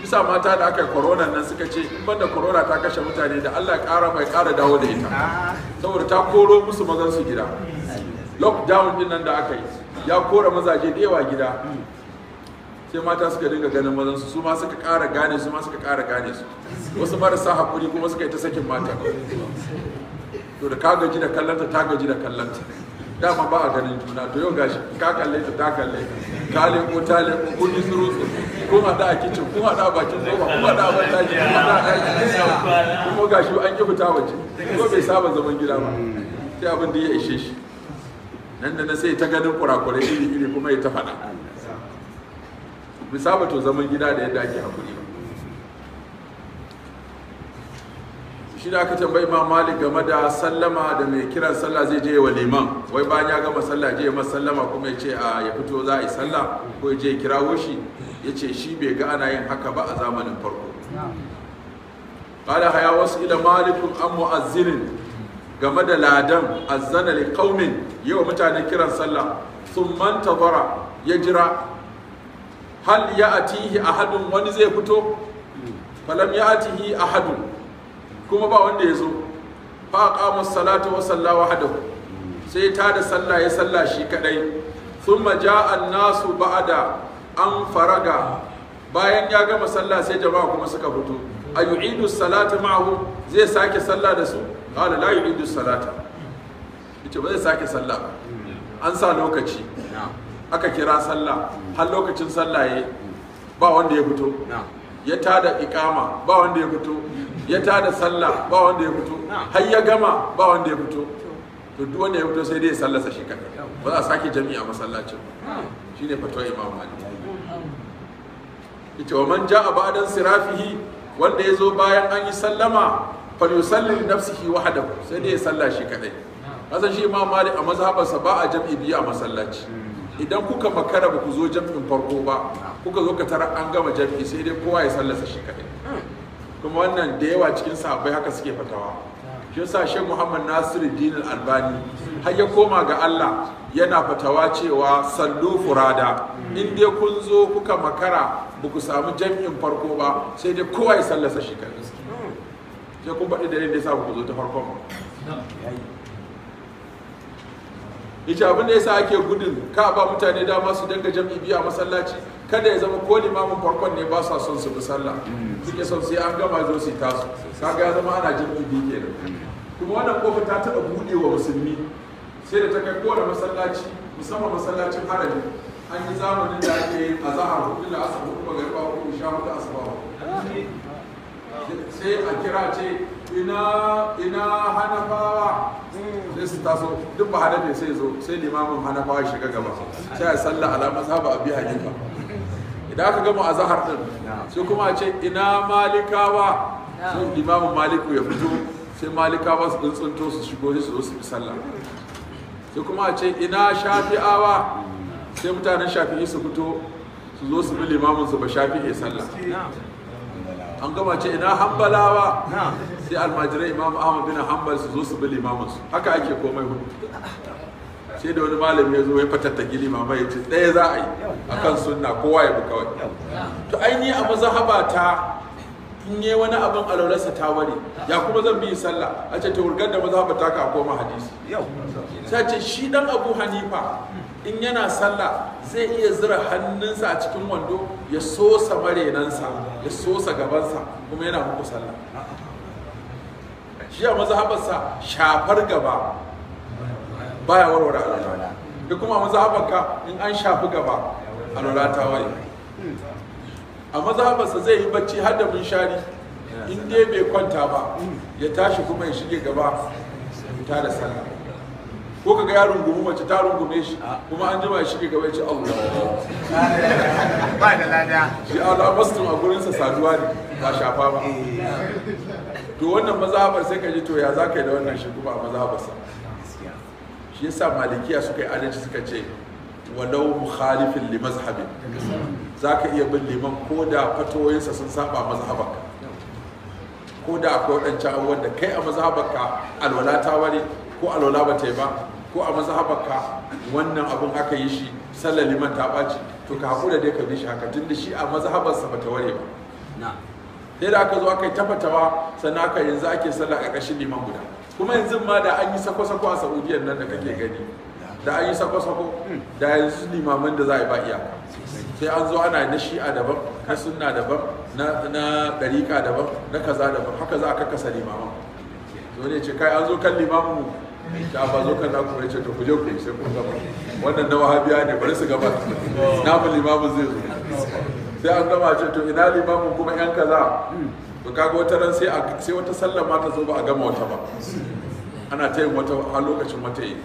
bisa mata da aka yi corona nan suka ce in banda korona ta kashe mutane da Allah ƙara mai ƙara dawo da ita saboda ta koro musu mazan su gida lockdown din nan da aka yi ya kora mazaje da yawa gida sai mata suka dinga ganin mazan su su ma suka ƙara gane su ma suka ƙara gane su wasu marasa hakuri kuma suka yi ta sakin mata to da ka gaji da kallanta ta gaji da kallanta dama ba a ganin juna to yau gashi ka kalle ta ta kalle ka ko ta le ko yi suru kun hada a kicin kun da a bakin zoba kun da a bandaji kun da a ɗaki kuma gashi an ki fita waje ko bai saba zaman gida ba sai abin da ya ishe shi nan da na sai ta ganin kurakurai iri iri kuma ya ta fada bai saba to zaman gida da yadda ake hakuri ba shi da aka tambayi ma malik game da sallama da mai kiran sallah zai je wa liman wai bayan ya gama sallah je masa sallama kuma ya ce a ya fito za a yi sallah ko ya je kirawo shi ya ce shi bai ga ana yin haka ba a zamanin farko qala haya wasu ila malikun an mu'azzinin game da ladan azzana li qaumin wa mutane kiran sallah thumma tawara ya jira hal ya'tihi ahadun wani zai fito falam ya'tihi ahadun kuma ba wanda ya zo fa aqamu salatu wa salla wahdahu sai ta da sallah ya sallah shi kadai thumma jaa an-nasu ba'da an faraga bayan ya gama sallah sai jama'a kuma suka fito a yu'idu salatu ma'ahu zai sake sallah da su qala la yu'idu salata ita ba zai sake sallah an sa lokaci aka kira sallah har lokacin sallah yayi ba wanda ya fito ya tada ikama ba wanda ya fito ya tada sallah ba wanda ya fito har ya gama ba wanda ya fito to duk wanda ya fito sai dai ya sallasa shi kaɗai ba za a sake jami'a a masallacin shi ne fatwa imam malik ita wa man ja'a ba'dan sirafihi wanda ya zo bayan an yi sallama fal yusalli li nafsihi wahdahu sai dai ya salla shi kadai kasan shi imam malik a mazhabarsa ba a jam'i biyu a masallaci hmm. idan kuka makara ba ku zo jam'in farko ba kuka zo ka tara an gama jam'i sai dai kowa ya sallasa shi kadai hmm. kuma wannan da yawa cikin sahabbai haka suke fatawa shi yasa shi Muhammad Nasiru Din albani har ya koma ga Allah yana fatawa cewa sallu furada in dai kun zo kuka makara ba ku samu jam'in farko ba sai dai kowa ya sallasa shi kan sai kun faɗi dalilin da yasa ku zo ta farkon ba yace abin da yasa ake gudun ka ba mutane dama su danga jam'i biya masallaci kada ya zama ko limamin farkon ne ba sa son su bi sallah mm. suke son sai an gama zo su tasu kaga ya zama ana jin bibi kenan mm. kuma wannan kofa ta taɓa buɗe wa musulmi sai da ta kai kowane masallaci musamman masallacin harabi an yi zamanin da ake a zahar hudu da asar hudu garba hudu sha hudu sai a kira ce ina ina hanafawa sai su taso duk ba hanafe sai zo sai limamin hanafawa shiga gaba sai a sallah ala mazhaba abi hanifa da aka gama a zahar din sai kuma a ce ina malikawa sai imamu maliku ya fito sai malikawa su tsuntsunto su shigo su zo su bi sallah sai kuma a ce ina shafi'awa sai mutanen shafi'i su fito su zo su bi imamun su ba shafi'i sallah an gama ce ina hambalawa sai almajirai imamu ahmad bin hanbal su zo su bi imamun su haka ake komai hudu sai da wani malami ya zo ya fatattaki limama ya ce ɗaya za a yi a kan sunna kowa ya bi kawai to ainihi a mazahaba ta in yi wani abin alaurarsa ta ware ya kuma zan biyi sallah a ce ta wurgar da mazahaba ta ka koma hadisi sai ce shi dan abu hanifa in yana sallah zai iya zira hannunsa a cikin wando ya sosa marenansa ya sosa gabansa kuma yana muku sallah shi a mazahabarsa shafar gaba baya warware alwala da kuma mazhabanka in an shafi gaba alwala ta waye a mazhabansa zai yi bacci har da shari in dai bai kwanta ba ya tashi kuma ya shige gaba ta da sallah ko kaga ya rungumi mace ta rungume shi kuma an jima ya shige gaba ya ce Allah ba da lada shi Allah muslim a gurin sa saduwa ne ba shafa ba eh. to wannan mazhabar sai ka ji to ya zaka yi da wannan shi kuma a mazhabarsa shi yasa malikiya suka yi adalci suka ce walau mukhalifin li mazhabi zaka iya bin liman ko da fatoyinsa sun saba mazhabanka ko da akwai wadancan abubuwan da kai a ka alwala ta ware ko alwala ba ta yi ba ko a ka wannan abun aka yi shi sallar liman ta ɓaci to ka haƙura dai ka bi shi haka da shi a sa ba ta ware ba sai da aka zo aka yi tabbatawa sannan aka yanzu ake sallah a ƙarƙashin liman guda kuma yanzu ma da an yi sako-sako a saudiyan nan da kake gani da an yi sako-sako da yanzu limaman da za a yi ba iyaka sai an zo ana na shi'a daban na sunna daban na ɗariƙa daban na kaza daban haka za a kakasa limaman to ne ce kai an zo kan Limamu mu ta ba zo kan naku ne ce to ku je ku yi sai kun gaba wannan na wahabiya ne bari su gaba na mu Limamu zai zo sai an gama ce to ina Limamu kuma yan kaza to kaga wata ran sai sai wata sallar ma ta zo ba a gama wata ba ana ta yin wata a lokacin wata yi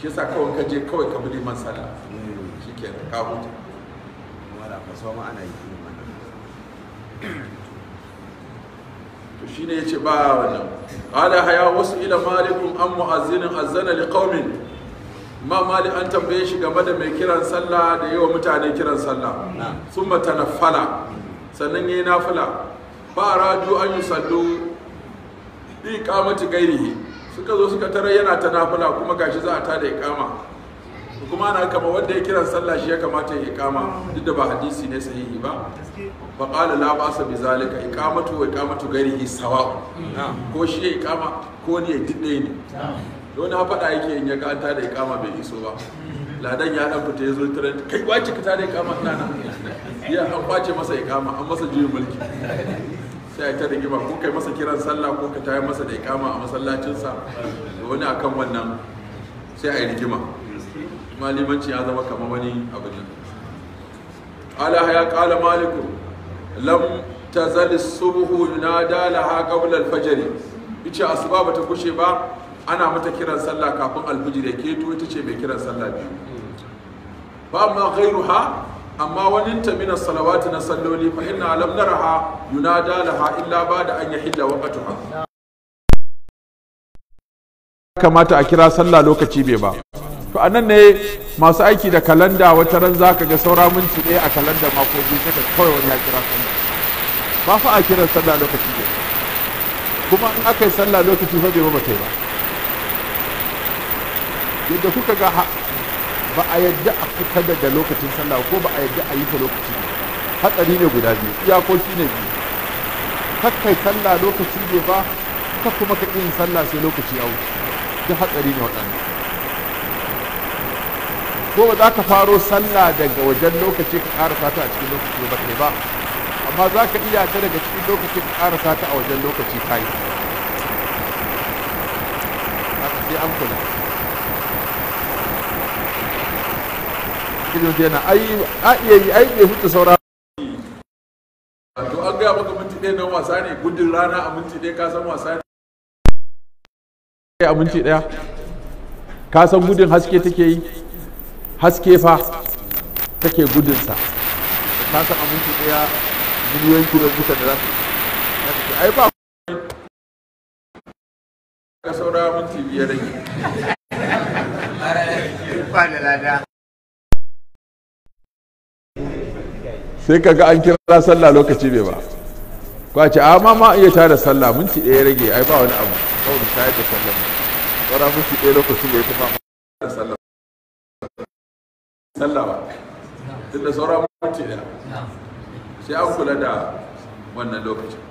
shi yasa kawai ka je kawai ka bi man sallah shikenan ka huta wala so ma ana yi to shine yace ba wannan qala haya wasu ila malikum am muazzinin azana liqaumin ma mali an tambaye shi game da mai kiran sallah da yawa mutane kiran sallah sun nafala sannan yayi nafila ba raju an yi sallu bi kamati gairihi suka zo suka tarar yana ta nafila kuma gashi za a ta da ikama kuma na kama wanda ya kiran sallah shi ya kamata ya ikama duk da ba hadisi ne sahihi ba fa qala la ba'sa bi zalika iqamatu wa iqamatu ghairihi sawa'u ko shi ya ikama ko ne ya dinne ne don ha fada yake in ya ga ta da ikama bai iso ba ladan ya dan fita yazo tare kai kwace ka ta da ikama ina ya an kwace masa ikama an masa juyin mulki sai ta rigima ko kai masa kiran sallah ko ka tayar masa da ikama a masallacinsa da wani akan wannan sai a yi rigima malimanci ya zama kamar wani abin nan ala ya kala maliku lam tazal subhu yunada laha qabla al-fajr yace asuba bata kushe ba ana mata kiran sallah kafin alfijir ya to ita ce mai kiran sallah biyu ba ma ghairuha amma wani ta mina salawati na salloli fa inna lam naraha yunada laha illa ba'da an yahilla waqtuha kamata a kira sallah lokaci bai ba to anan ne masu aiki da kalanda wata ran zaka ga saura mun ci a kalanda mako biyu kaka kawai wani ya kira sallah ba fa a kiran sallah lokaci bai kuma in aka yi sallah lokaci fa bai ba ba yadda kuka ga ba a yadda a fita daga lokacin sallah ko ba a yadda a yi ta lokaci hatsari ne guda biyu iyakoki ne biyu kakkai sallah lokaci ne ba ka kuma ka yin sallah sai lokaci ya wuce duk hatsari ne waɗanda ko ba za ka faro sallah daga wajen lokaci ka ƙara sata a cikin lokaci ba kai ba amma za ka iya ta daga cikin lokaci ka ƙara sata a wajen lokaci ka yi sai an kula kirin zai na ai a iya yi ai bai huta saura to an gaya maka minti ɗaya nan wasa ne gudun rana a minti ɗaya ka san wasa ne a minti ɗaya ka san gudun haske take yi haske fa take gudunsa ka san a minti ɗaya miliyoyin kilomita da za su ai ba ka saura minti biyar rage ba da lada sai kaga an kira sallah lokaci bai ba ko a ce a ma iya iya da sallah mun ci ɗaya rage ai ba wani abu kawai ta da sallah mun ci ɗaya lokaci bai fama da sallah sallah ba tunda mun ci ɗaya sai an kula da wannan lokacin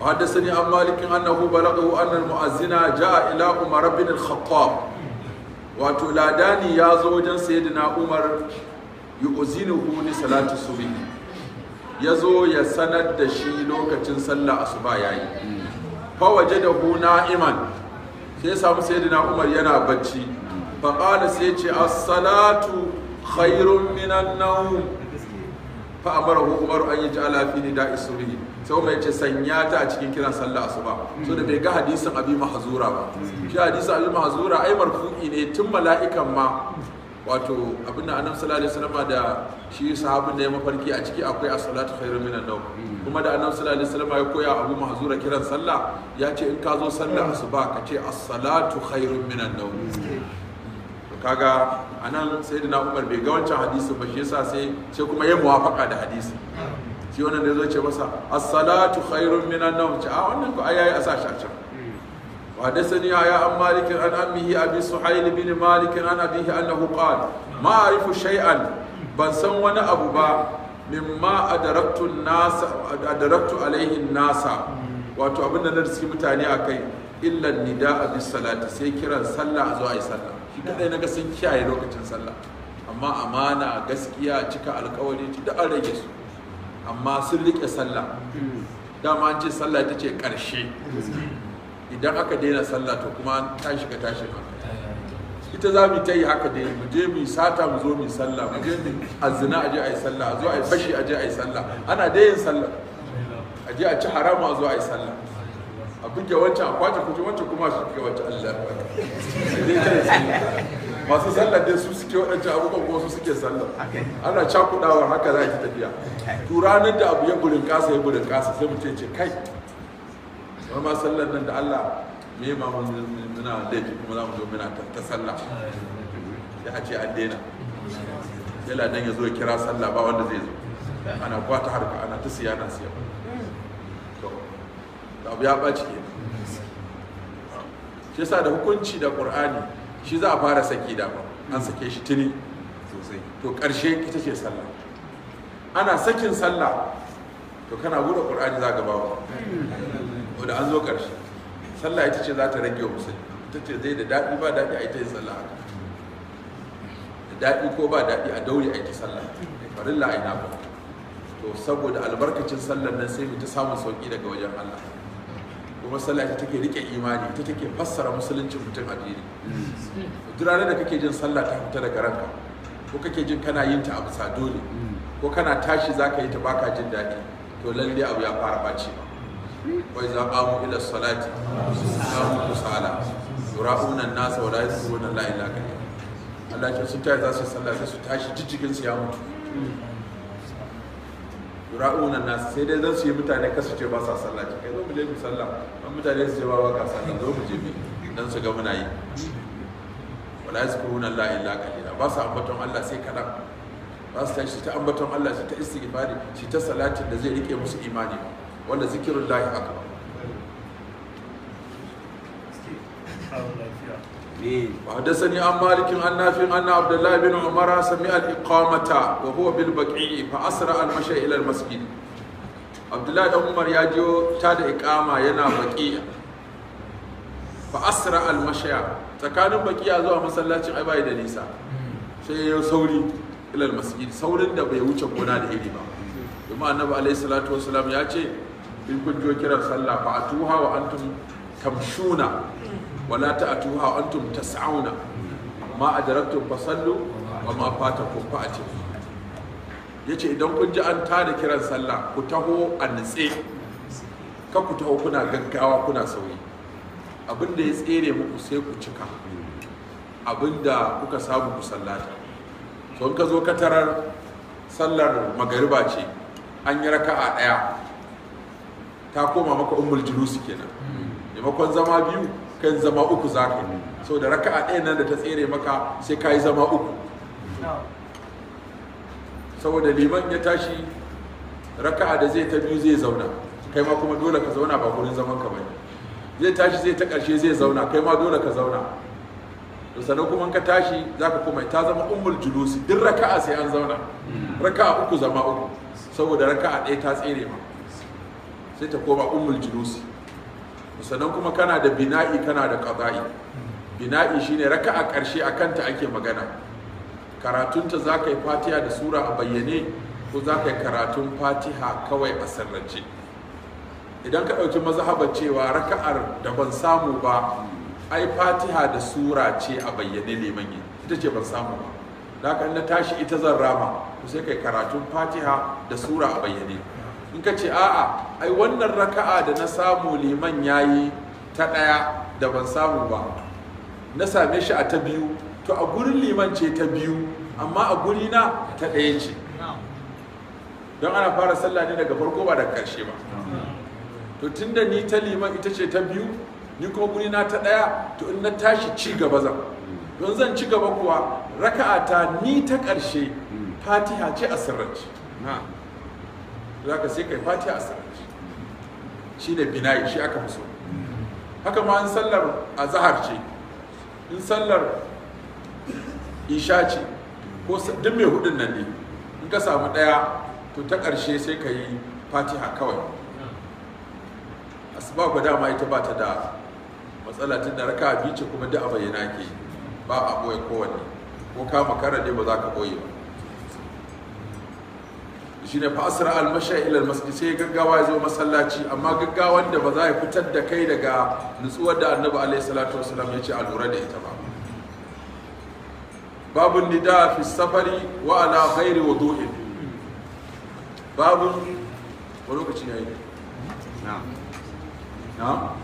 وحدثني عن مالك انه بلغه ان المؤذن جاء الى عمر بن الخطاب wato ladani ya zo wajen sayyidina umar yu'zinuhu li salati Ya yazo ya sanar da shi lokacin sallah asuba yayi fa wajadahu na'iman sai samu sayyidina Umar yana bacci fa sai ce as-salatu khairun minan nawm fa amarahu Umar an yaj'ala fi nida'i subhi sai mai ce sanya ta a cikin kiran sallah asuba so da bai ga hadisin abi mahzura ba shi hadisin abi mahzura ai marfu'i ne tun mala'ikan ma wato abinda annabi sallallahu alaihi wasallam da shi sahabin da ya mafarki a ciki akwai a salatu khairu minan nawm hmm. kuma da annabi sallallahu alaihi wasallam ya koya Abu Mahzura kiran sallah ya ce in ka zo sallah hmm. su ba ka ce as-salatu khairu minan nawm hmm. kaga anan sayyidina Umar bai ga wancan hadisi ba shi yasa sai sai kuma ya muwafaka da hadisi shi wannan da zo ce masa as-salatu khairu minan nawm ce a ah, wannan ko ayayi a sa shi a can وحدثني يا عن مالك عن أمه أبي سحيل بن مالك عن أبيه أنه قال ما أعرف شيئا بنسن وانا أبو با مما أدركت الناس أدركت عليه الناس wato abin da na riski mutane a kai illan nida a bis salati sai kiran sallah a zo a yi sallah shi kadai na ga sun kiyaye lokacin sallah amma amana gaskiya cika alkawari da su amma sun rike sallah dama an ce sallah ce karshe idan aka daina sallah to kuma ta shiga tashin ita za mu ta yi haka dai mu je mu sata mu zo mu sallah mu je mu azina aje ayi sallah a zo ayi fashi aje ayi sallah ana da yin sallah aje a ci haramu a zo ayi sallah a buge wancan a kwace kuce wancan kuma su buge wancan Allah masu sallah dai su suke waɗancan abubuwan kuma su suke sallah ana cakudawar haka za ki tafiya turanin ranar da abu ya burin kasa ya burin kasa sai mu ce kai kuma ma sallar nan da Allah me ma muna laifi kuma za mu zo muna ta sallah sai a ce an daina yana dan ya zo ya kira sallah ba wanda zai zo ana kwata harka ana ta siya na siya to abu ya ɓaci ke shi yasa da hukunci da qur'ani shi za a fara saki da ba an sake shi tuni sosai to karshe ita ce sallah ana sakin sallah to kana buɗe qur'ani za ka wa da an zo ƙarshe sallah ita ce za ta rage wa musulmi ita ce zai da daɗi ba daɗi a ita yin sallah haka da daɗi ko ba daɗi a daure a yi ta sallah farin la'ai na ba. to saboda albarkacin sallar nan sai mu ta samun sauƙi daga wajen Allah kuma sallah ita take rike imani ita take fassara musuluncin mutum a jiri duk da kake jin sallah ta fita daga ranka ko kake jin kana yin ta a bisa dole ko kana tashi zaka yi ta baka jin daɗi to lalle abu ya fara bacewa wa idza qamu ila salati qamu kusala yura'una an-nasa wa la yadhkuruna la ilaha illa Allah ce sun tashi za su sallah sai su tashi jijjigin ya mutu yura'una an-nasa sai dai zan su yi mutane kasu ce ba sa sallah kai zo mu je sallah an mutane su je ba ba ka sallah zo je mu dan su ga muna yi wala yadhkuruna la ilaha illa ba sa ambaton Allah sai su tashi ta Allah ta shi ta salatin da zai rike musu imani wanda zikirun lahi akbar وحدثني عن مالك عن نافع ان عبد الله بن عمر سمع الاقامه وهو بالبقيع فاسرع المشي الى المسجد عبد الله بن عمر يجيو تاد اقامه ينا بقيع فاسرع المشي tsakanin bakiya zuwa masallacin ai bai da nisa sai ya sauri ilal masjid saurin da bai wuce gona da iri ba kuma annabi alaihi salatu ya ce in kun jo kiran sallah fa atuha wa antum tamshuna la ta'tuha wa antum tas'auna ma adraktum sallu wa ma fatakum fa'ati yace idan kun ji an tada kiran sallah ku taho a nitse ka ku taho kuna gaggawa kuna sauyi abinda ya tsere muku sai ku cika abinda kuka samu ku sallata so in ka zo ka sallar magariba ce an yi raka'a daya ta koma maka umul julusi kenan maimakon zama biyu kan zama uku za ka yi so da raka'a ɗaya nan da ta tsere maka sai ka yi zama uku saboda liman ya tashi raka'a da zai ta biyu zai zauna kai ma kuma dole ka zauna ba gurin zaman ka bane zai tashi zai ta ƙarshe zai zauna kai ma dole ka zauna sannan kuma ka tashi za ka koma ta zama umul julusi duk raka'a sai an zauna raka'a uku zama uku saboda raka'a ɗaya ta tsere maka sai ta koma umul julusi sannan kuma kana da bina'i kana da qada'i bina'i shine a karshe a kanta ake magana karatunta za ka yi fatiha da sura a bayyane ko za ka yi karatun fatiha kawai a sirrance? idan ka ɗauki mazhabar cewa raka'ar da ban samu ba ai fatiha da sura ce a bayyane liman yi ita ce ban samu ba da na tashi ita zan rama sai ka yi karatun fatiha da sura a bayyane in ka ce a'a ai wannan raka'a da na samu liman ya yi ta ɗaya da ban samu ba na same shi a ta biyu to a gurin liman ce ta biyu amma a guri na ta ɗaya ce don ana fara sallah ne daga farko ba daga ƙarshe ba to tunda ni ta liman ita ce ta biyu ni kuma guri na ta ɗaya to in na tashi ci gaba zan don zan ci gaba kuwa raka'a ta ni ta ƙarshe fatiha ce a sirrance za ka sai kai fati a sallar shi ne binayi shi aka fi so haka ma in sallar a zahar ce in sallar isha ce ko duk mai hudun nan ne in ka samu ɗaya to ta ƙarshe sai ka yi fatiha kawai asuba ku dama ita ba ta da matsala tun da raka biyu ce kuma da a bayyana ke ba a ɓoye kowanne ko ka makara ba za ka ɓoye ba shine fa asra al masha ila al masjid sai gaggawa ya zo masallaci amma gaggawan da ba za ya fitar da kai daga nutsuwar da annabi alaihi salatu wasallam ya ce a lura da ita ba Babu nida fi safari wa ala ghairi wudu'in Babu, wa lokaci yayi na'am Babu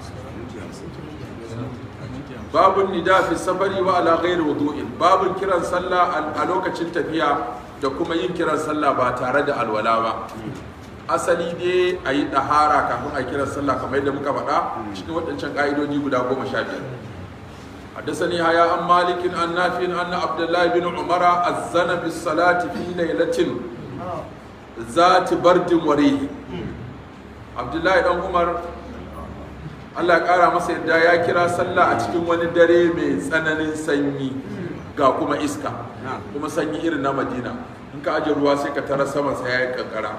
babun nida fi safari wa ala ghairi wudu'in babun kiran sallah a lokacin tafiya da kuma yin kiran sallah ba tare da alwala ba asali dai a yi ɗahara kafin a kira sallah kamar yadda muka faɗa cikin waɗancan ƙa'idodi guda goma sha biyar حدثني هيا عن مالك عن نافع أن عبد الله بن عمر أذن بالصلاة في ليلة ذات برد وريه عبد الله بن عمر Allah ƙara masa yadda ya kira sallah a cikin wani dare mai tsananin sanyi ga kuma iska kuma sanyi irin na madina in ka ajiye ruwa sai ka tara sama sa yi kankara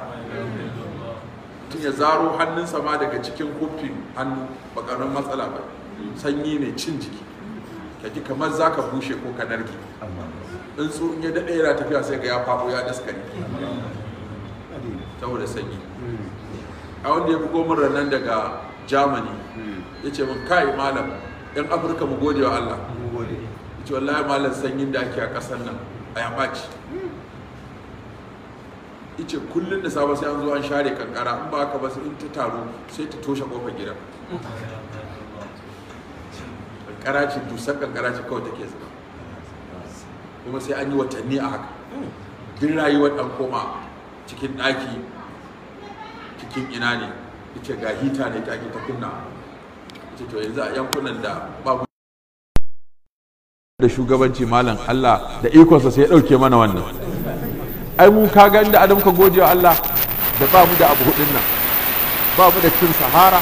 tun ya zaro hannun sama daga cikin kufin hannu ba karamin matsala ba sanyi ne cin jiki kaji kamar za ka bushe ko ka narke in su in ya daɗe yana tafiya sai ga ya faɗo ya daskare saboda sanyi a wanda ya bugo min rannan daga germany ya ce min kai malam yan afirka mu gode wa allah ce wallahi malam sanyin da ake a ƙasar nan a ya ice kullum da sabon sai an zo an share kankara in ba ka ba sai in ta taru sai ta toshe kofar gidan kankara ce dusar kankara ce kawai take zuba kuma sai an yi watanni a haka duk rayuwar dan koma cikin ɗaki cikin ina ne ice ga hita ne ta ake ta kunna ita to yanzu a yankunan da babu da shugabanci malam Allah da ikonsa sai ya ɗauke mana wannan ai mu ka ga inda adam ka gode wa Allah da ba mu da abu hudun nan ba mu da cin sahara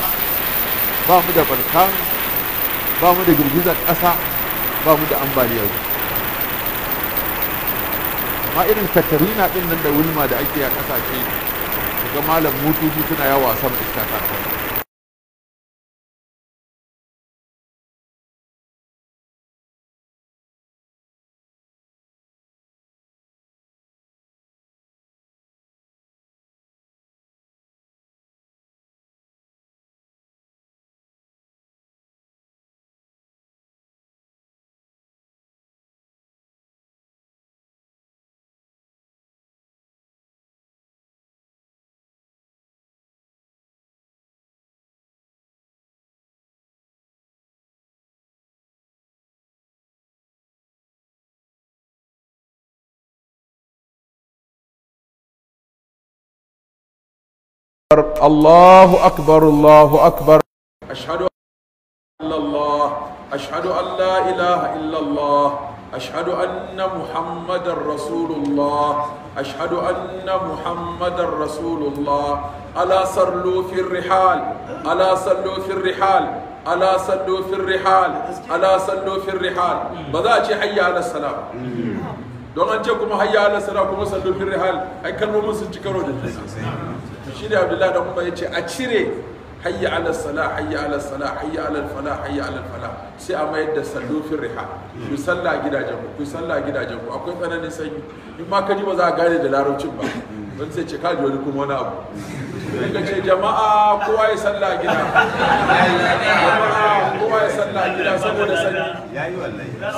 ba mu da barkan ba mu da girgizar ƙasa ba mu da ambaliyar ma irin katarina ɗin nan da wilma da ake a ƙasashe ga malam mutuci suna yawa san iska ta الله أكبر الله أكبر أشهد أن الله أشهد أن لا إله إلا الله أشهد أن محمد رسول الله أشهد أن محمد رسول الله ألا صلوا في الرحال ألا صلوا في الرحال ألا صلوا في الرحال ألا صلوا في الرحال بذاتي حي على السلام دون أن تكون حي على السلام كما صلوا في الرحال أي كلمة من سنتكروا shi ne abdullahi dan umar ya ce a cire hayya ala sala hayya ala sala hayya ala fala hayya ala fala sai a mayar da sallofin riha ku sallah gidajen ku ku sallah gidajen ku akwai tsananin sanyi in ma ka ji ba za a gane da larabcin ba don sai ce kaji wani kuma wani abu ka ce jama'a kowa ya sallah gida jama'a kowa ya sallah gida saboda sanyi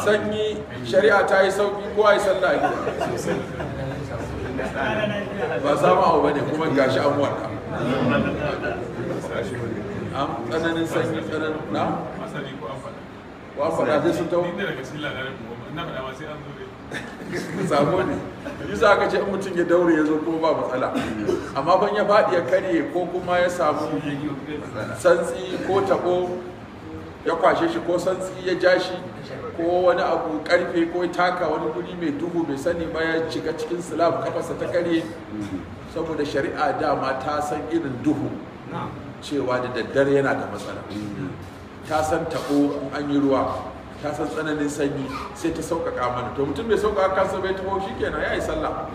sanyi shari'a ta yi sauki kowa ya sallah gida ba za samu abu bane kuma gashi an wada an tsananin sanyi tsananin na asali ko an faɗa ko an faɗa sai sun tawo inda daga cikin lalarin mu na faɗa ma sai an zo sabo ne yi za ka ce in mutum ya daure ya zo kuma ba matsala amma ban ya faɗi ya karye ko kuma ya samu santsi ko tabo ya kwashe shi ko santsi ya ja shi ko wani abu karfe ko taka wani guri mai duhu mai sani ba ya shiga cikin silam kafarsa ta kare saboda shari'a dama ta san irin duhu cewa da daddare yana da matsala ta san tabo an yi ruwa ta san tsananin sanyi sai ta sauƙaƙa mana to mutum bai sauƙaƙa kansa bai taho kenan ya yi sallah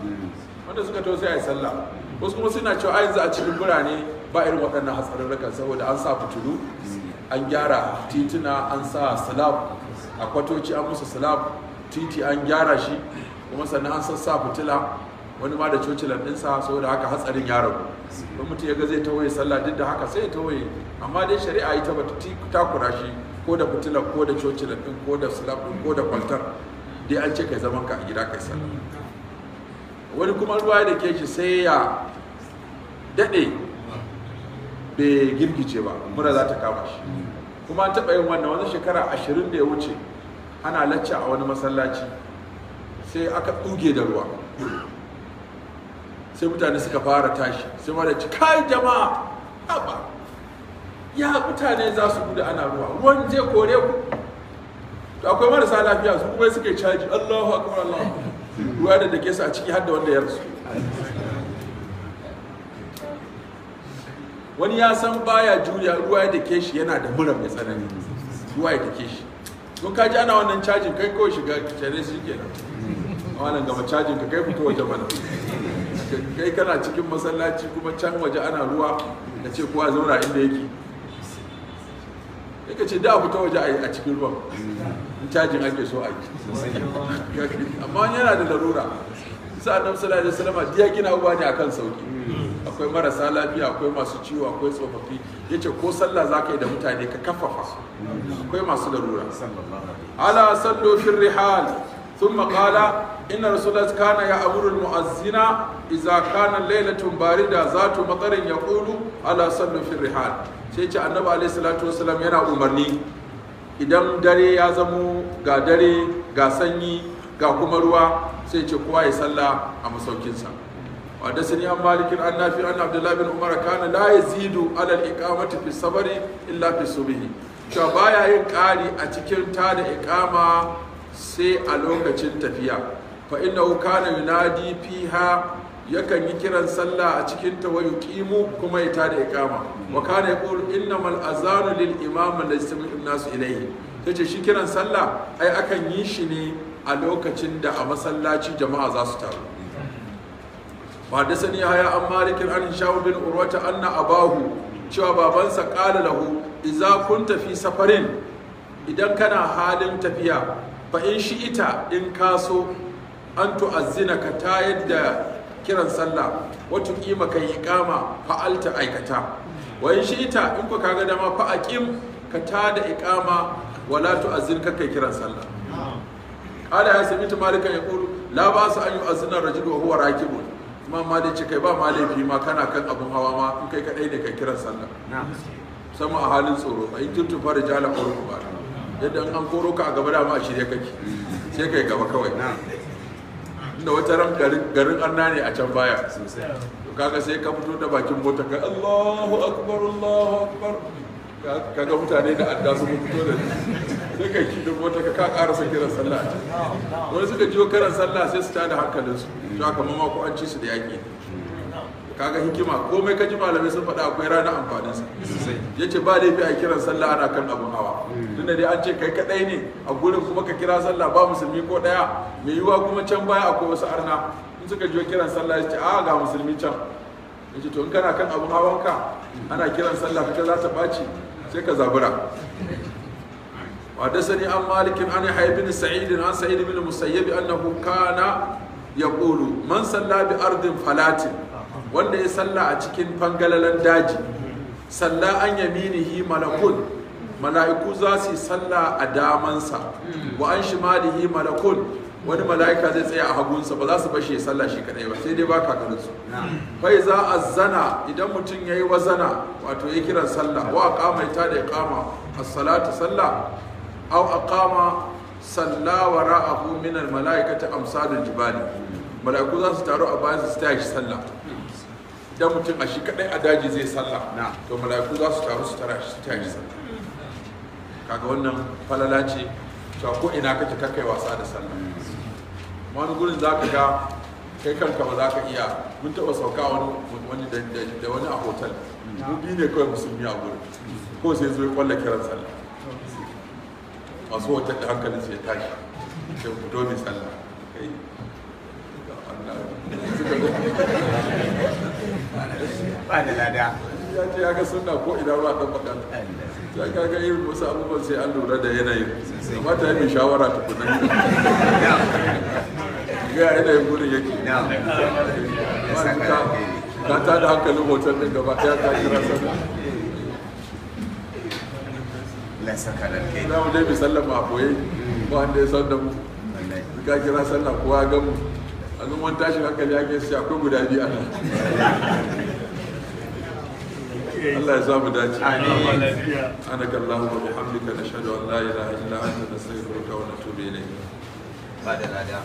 wanda suka taho sai ya yi sallah wasu kuma suna cewa a yanzu a cikin birane ba irin waɗannan hatsarurrukan saboda an sa fitilu an gyara tituna an sa slab a kwatoci an musu salam titi an gyara shi kuma sannan an sassa fitila wani ma da cocilan ɗinsa saboda haka hatsarin ya ragu don mutum ya ga zai tawaye sallah duk da haka sai ya tawaye amma dai shari'a ita bata kura shi ko da fitila ko da cocilan ɗin ko da salam ɗin ko da kwaltar dai an ce kai zaman ka a gida kai sallah wani kuma ruwa da ke shi sai ya daɗe bai girgice ba mura za ta kama shi kuma an taɓa yin wannan wani shekara ashirin da ya wuce ana lacca a wani masallaci sai aka ɗuge da ruwa sai mutane suka fara tashi sai wanda ci kai jama'a haɓa ya mutane za su gudu ana ruwa ruwan je kore ku to akwai marasa lafiya su kuma suke caji allahu akbar allahu ruwa da dake su a ciki har da wanda ya rasu wani ya san baya juriya ruwa ya dake shi yana da mura mai tsanani ruwa ya dake shi don ka ji ana wannan cajin kai kawai shiga cire shi nan. a wannan gama cajin ka kai fito waje mana kai kana cikin masallaci kuma can waje ana ruwa da ce kowa zauna inda yake yake ce da fita waje a cikin ruwan in cajin ake so a yi amma yana da larura sa'adam annabi sallallahu alaihi wasallam ya gina uba ne akan sauki akwai marasa lafiya akwai masu ciwo akwai tsofaffi ya ce ko sallah za ka yi da mutane ka kafafa akwai masu larura ala sallo fi rihal sun ya إن mu'azzina iza كان lailatun bari da za tu matsarin ya مطر ala sallo fi rihal sai ce النبي عليه salatu wasalam yana umarni idan dare ya zamo ga dare ga sanyi ga kuma ruwa sai ce kowa ya sallah a masaukinsa وحدثني عن مالك عن نافع عن عبد الله بن عمر كان لا يزيد على الإقامة في السفر إلا في الصبح cewa baya yin ƙari a cikin ta da iƙama sai a lokacin tafiya fa inna kana fiha yakan yi kiran sallah a cikin ta wa yuqimu kuma ya tada iqama wa kana yaqulu innamal azanu lil imam la yastami'u nasu ilayhi tace shi kiran sallah ai akan yi shi ne a lokacin da a masallaci jama'a za su taru وحدثني يحيى عن مالك عن هشام بن عروة أن أباه cewa babansa ƙala lahu iza kun tafi safarin idan kana halin tafiya fa ita in kaso an tu'azzina ka tayar da kiran sallah wata kima ka yi kama fa'alta aikata wa in ita in ku kaga dama fa aqim ka tada iqama wala tu'azzin ka kai kiran sallah qala ya sami malikan yaqulu la ba'sa an yu'azzina ar-rajulu wa huwa rakibun imam ma ce kai ba ma laifi ma kana kan abun hawa ma in kai kadai ne ka kiran sallah musamman a halin tsoro a yi tuntun fara jala ko ba yadda an koro ka a gaba dama a shirya kake sai kai gaba kawai inda wata ran garin anna ne a can baya to kaga sai ka fito da bakin mota ka Allahu akbar Allahu akbar kaga mutane da adda su fito da sai ka ki dubo ta ka sa kiran sallah wani suka jiwo karan sallah sai su tada hankalinsu to aka mama ko an ci su da yaki kaga hikima komai ka ji malamai sun faɗa akwai ranar amfaninsa ya ce ba laifi a kiran sallah ana kan abun hawa tunda dai an ce kai kaɗai ne a gurin kuma ka kira sallah ba musulmi ko daya mai yiwuwa kuma can baya akwai wasu arna in suka jiwo kiran sallah ya ce a ga musulmi can ya ce to in kana kan abin hawanka ana kiran sallah fita za ta ɓaci sai ka zabura وحدثني Sani an عن يحيى بن سعيد عن سعيد بن المسيب انه كان يقول من صلى بارض فلات wanda ya salla a cikin fangalalan daji salla an yaminihi malakun mala'iku za su salla a damansa wa an shimalihi malakun wani mala'ika zai tsaya a hagunsa ba za su bashi ya salla shi kadai ba sai dai ba kakarinsu fai za a zana idan mutum ya yi zana. wato ya kiran salla wa a kamaita da ya kama as-salatu salla aw aqama salla wa ra'ahu min al malaikati amsalul jibali malaiku za su taru a bayan su tashi sallah dan mutum a shi kadai a daji zai sallah to malaiku za su taru su tara shi su tashi sallah kaga wannan falala ce cewa ko ina kake kakai wasa da sallah wani gurin za ka ga kai kanka ba za ka iya mun taɓa sauka wani da wani a hotel mu biyu ne kawai musulmi a gurin ko sai zo ya kwalla kiran sallah masu wata da hankalin su ya tashi sai ku domi sallah kai ba da lada ya ce ya ga suna ko ina ba dan baka ta ga ga irin wasu abubuwan sai an lura da yanayin amma ta yi shawara tukunan ga yanayin gurin yake ka ta da hankalin hoton din gaba ɗaya ta kira sallah Allah ya saka da kai za mu dai mu sallama a boye ba wanda ya san da mu ka kira sallah kowa a mu a zuwan tashin hankali ake siya akwai guda biyu Allah Allah ya samu dace amin anaka Allahu wa bihamdika nashhadu an la ilaha illa anta nastaghfiruka wa natubu ilayk ba da lada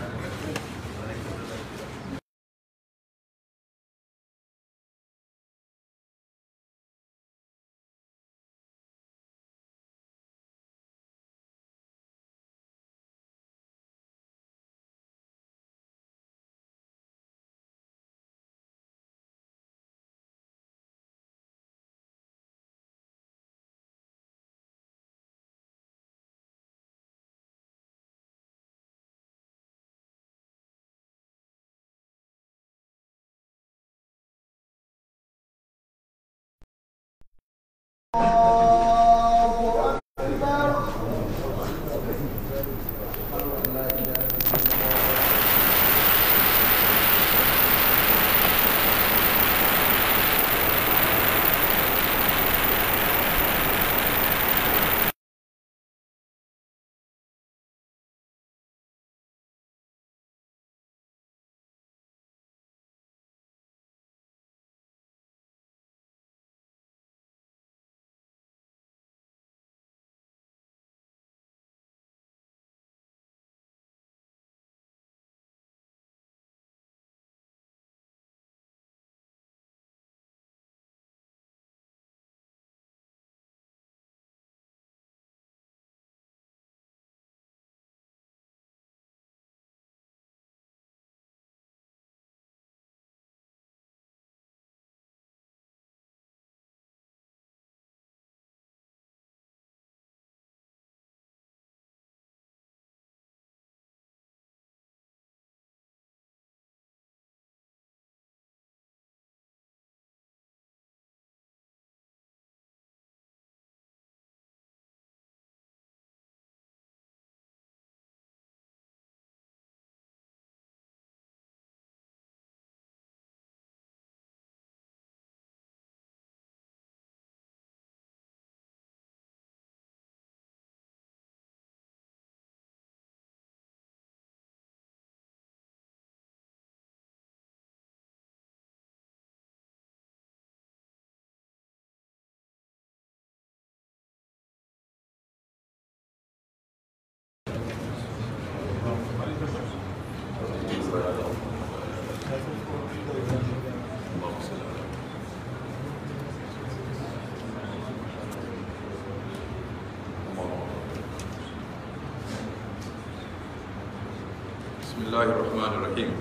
الله الرحمن الرحيم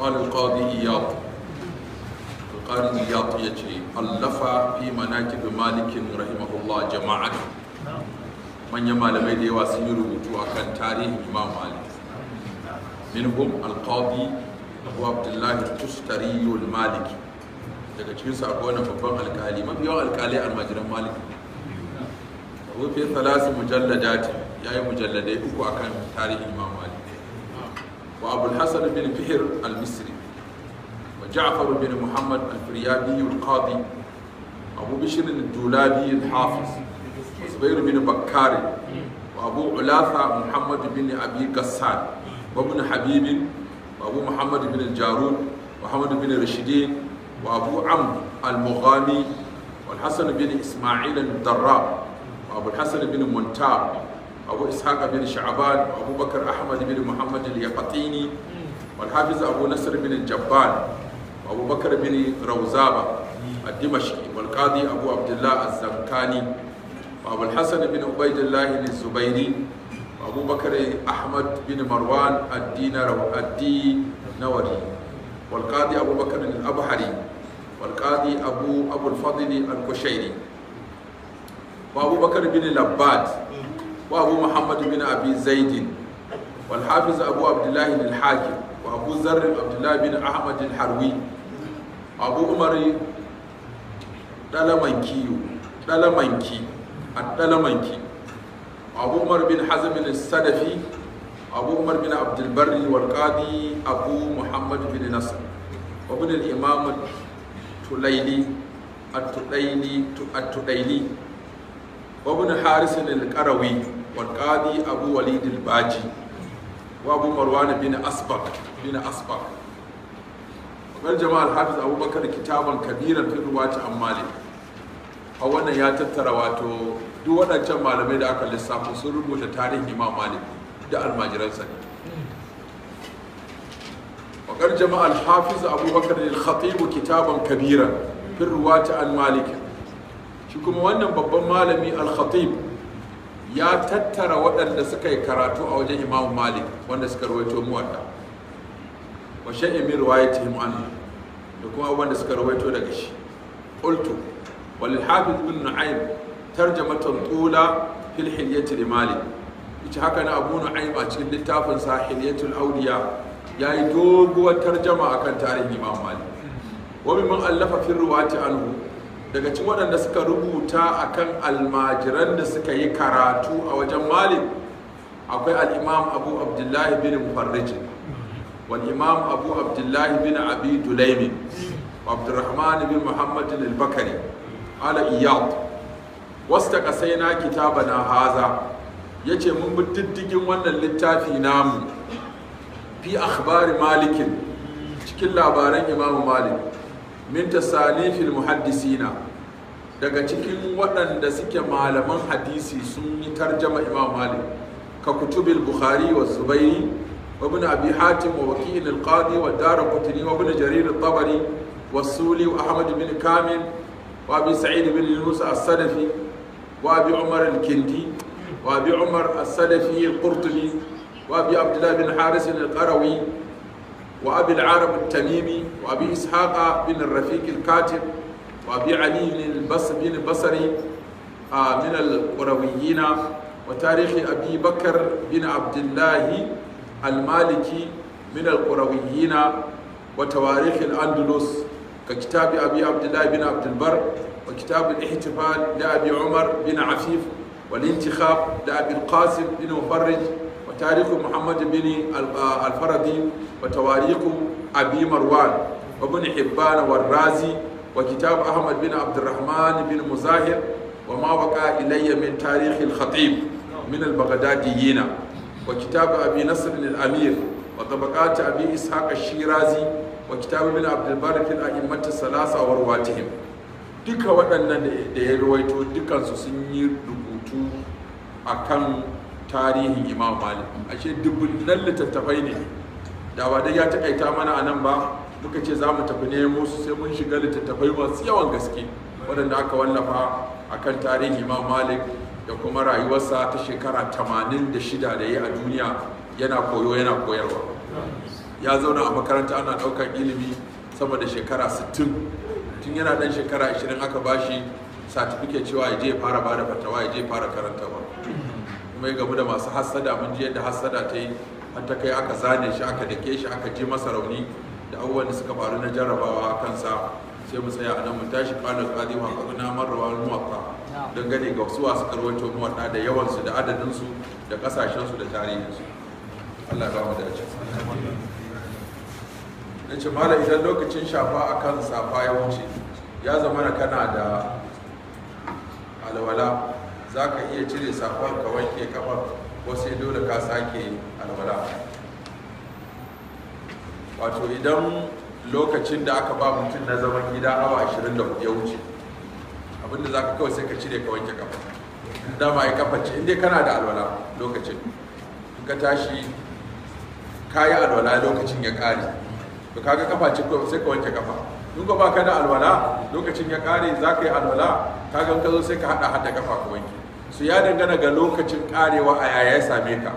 قال القاضي إياط القاضي إياط يجي اللفا في مناكب مالك رحمه الله جماعة من يمال ميدي واسير كان تاريخ إمام مالك منهم القاضي أبو عبد الله التستري المالك daga cikinsu akwai wani babban alkali mafi yawan alkali almajiran malik rufe salasu mujalladati ya yi mujalladai uku akan tarihin imam وأبو الحسن بن بحر المصري وجعفر بن محمد الفريابي القاضي أبو بشر الدولابي الحافظ وزبير بن بكار وأبو علاثة محمد بن أبي قسان وابن حبيب وأبو محمد بن الجارود وحمد بن رشدين وأبو عمرو المغامي والحسن بن إسماعيل الدراب وأبو الحسن بن منتاب abu ishaq bin sha'ban abubakar ahmad bin muhammad al-yaqatini wal hafiz abu nasr bin jabban abubakar bin rawzaba al-dimashqi wal abu abdullah az abu hasan bin ubaydillah al-zubairi abubakar ahmad bin marwan ad-din ad-di nawari wal bin abhari wal abu abul fadl al-kushairi abubakar bin labbad وأبو محمد بن أبي زيد والحافظ أبو عبد الله الحاكم وأبو ذر عبد الله بن أحمد الحروي أبو عمر دلمنكي دلمنكي الدلمنكي أبو عمر بن حزم السلفي أبو عمر بن عبد البر والقاضي أبو محمد بن نصر وابن الإمام التليلي التليلي التليلي وابن حارس القروي والقاضي أبو وليد الباجي وأبو مروان بن أسبق بن أسبق وقال جماعة الحافظ أبو بكر كتابا كبيرا wata الرواة عن مالك أولا يا تترى duk waɗancan malamai da aka lissafo sun rubuta tarihin imam malik da almajiransa ne wakar hafiz abubakar ne khatib kitaban kabiran fi wata an malik shi kuma wannan babban malami al-khatib ya tattara waɗanda suka yi karatu a wajen imamu malik wanda suka rawaito muwadda wa sha'imir riwayatihim anhu da kuma wanda suka rawaito daga shi qultu wal hafiz bin nu'aym tarjamatan tula fil hilyati li malik ita haka na abu nu'aym a cikin littafin sa hilyatul awliya yayi doguwar tarjama akan tarihin imamu malik wa mimman allafa fil riwayati anhu daga cikin waɗanda suka rubuta kan almajiran da suka yi karatu a wajen malik akwai al'imam abu abdullahi bin mufarrijin wal'imam abu abdullahi bin abi dulaimi abdurrahman bin muhammadin al-bakari ala iyad wasu na kitaba na haza ya ce mun bi diddigin wannan littafi namu fi akhbari malikin cikin labaran Imam malik min tasanifil muhaddisina daga cikin waɗanda suke malaman hadisi sun yi tarjama imam malik ka kutubil bukhari wa zubairi wa ibn abi hatim wa wakil al qadi wa darqutni wa ibn jarir al tabari wa suli wa ahmad bin kamil wa abi sa'id bin yunus as-sadafi wa abi umar al kindi wa abi umar as-sadafi al qurtubi wa abi abdullah bin haris al qarawi وأبي العرب التميمي وأبي إسحاق بن الرفيق الكاتب وأبي علي بن البصري من القرويين وتاريخ أبي بكر بن عبد الله المالكي من القرويين وتواريخ الأندلس ككتاب أبي عبد الله بن عبد البر وكتاب الاحتفال لأبي عمر بن عفيف والانتخاب لأبي القاسم بن مفرج وتاريخ محمد بن الفردي وتواريخ أبي مروان وابن حبان والرازي وكتاب أحمد بن عبد الرحمن بن مزاهر وما وقع إلي من تاريخ الخطيب من البغداديين وكتاب أبي نصر الأمير وطبقات أبي إسحاق الشيرازي وكتاب ابن عبد البر في الأئمة الثلاثة ورواتهم duka waɗannan da ya rawaito dukansu sun yi rubutu akan tarihin imam malik ashe dubbunan littattafai ne da ba dai ya takaita mana a nan ba muka ce za mu tafi ne musu sai mun shiga littattafai masu yawan gaske waɗanda aka wallafa a kan tarihin imam malik da kuma rayuwarsa ta shekara 86 da ya a duniya yana koyo yana koyarwa ya zauna a makaranta ana ɗaukar ilimi sama da shekara 60 tun yana ɗan shekara 20 aka ba shi satifiket cewa ya je fara ba da fatawa ya je fara karanta ba. kuma ya gamu da masu hassada mun ji yadda hassada ta yi an ta kai aka zane shi aka dake shi aka ji masa rauni da abubuwan da suka faru na jarrabawa a kansa sai mu tsaya a nan mu tashi kalar kadi ma kaga na marrawa don gane ga wasu wasu karwato muwatta da yawansu da adadinsu da kasashensu da tarihinsu Allah ba mu dace na ce malam idan lokacin shafa a kan safa ya wuce ya zama kana da alwala za ka iya cire safon ka wanke kafar ko sai dole ka sake alwala wato idan lokacin da aka ba mutum na zaman gida awa 24 ya wuce abinda za ka kawai sai ka cire ka wanke kafa dama ya kafa ce inda kana da alwala lokacin ka tashi ka yi alwala lokacin ya ƙare to kaga kafa ce sai ka wanke kafa in ba ka da alwala lokacin ya ƙare za ka yi alwala ka ka zo sai ka haɗa hada kafa ka wanke su ya dangana ga lokacin karewa a yaya ya same ka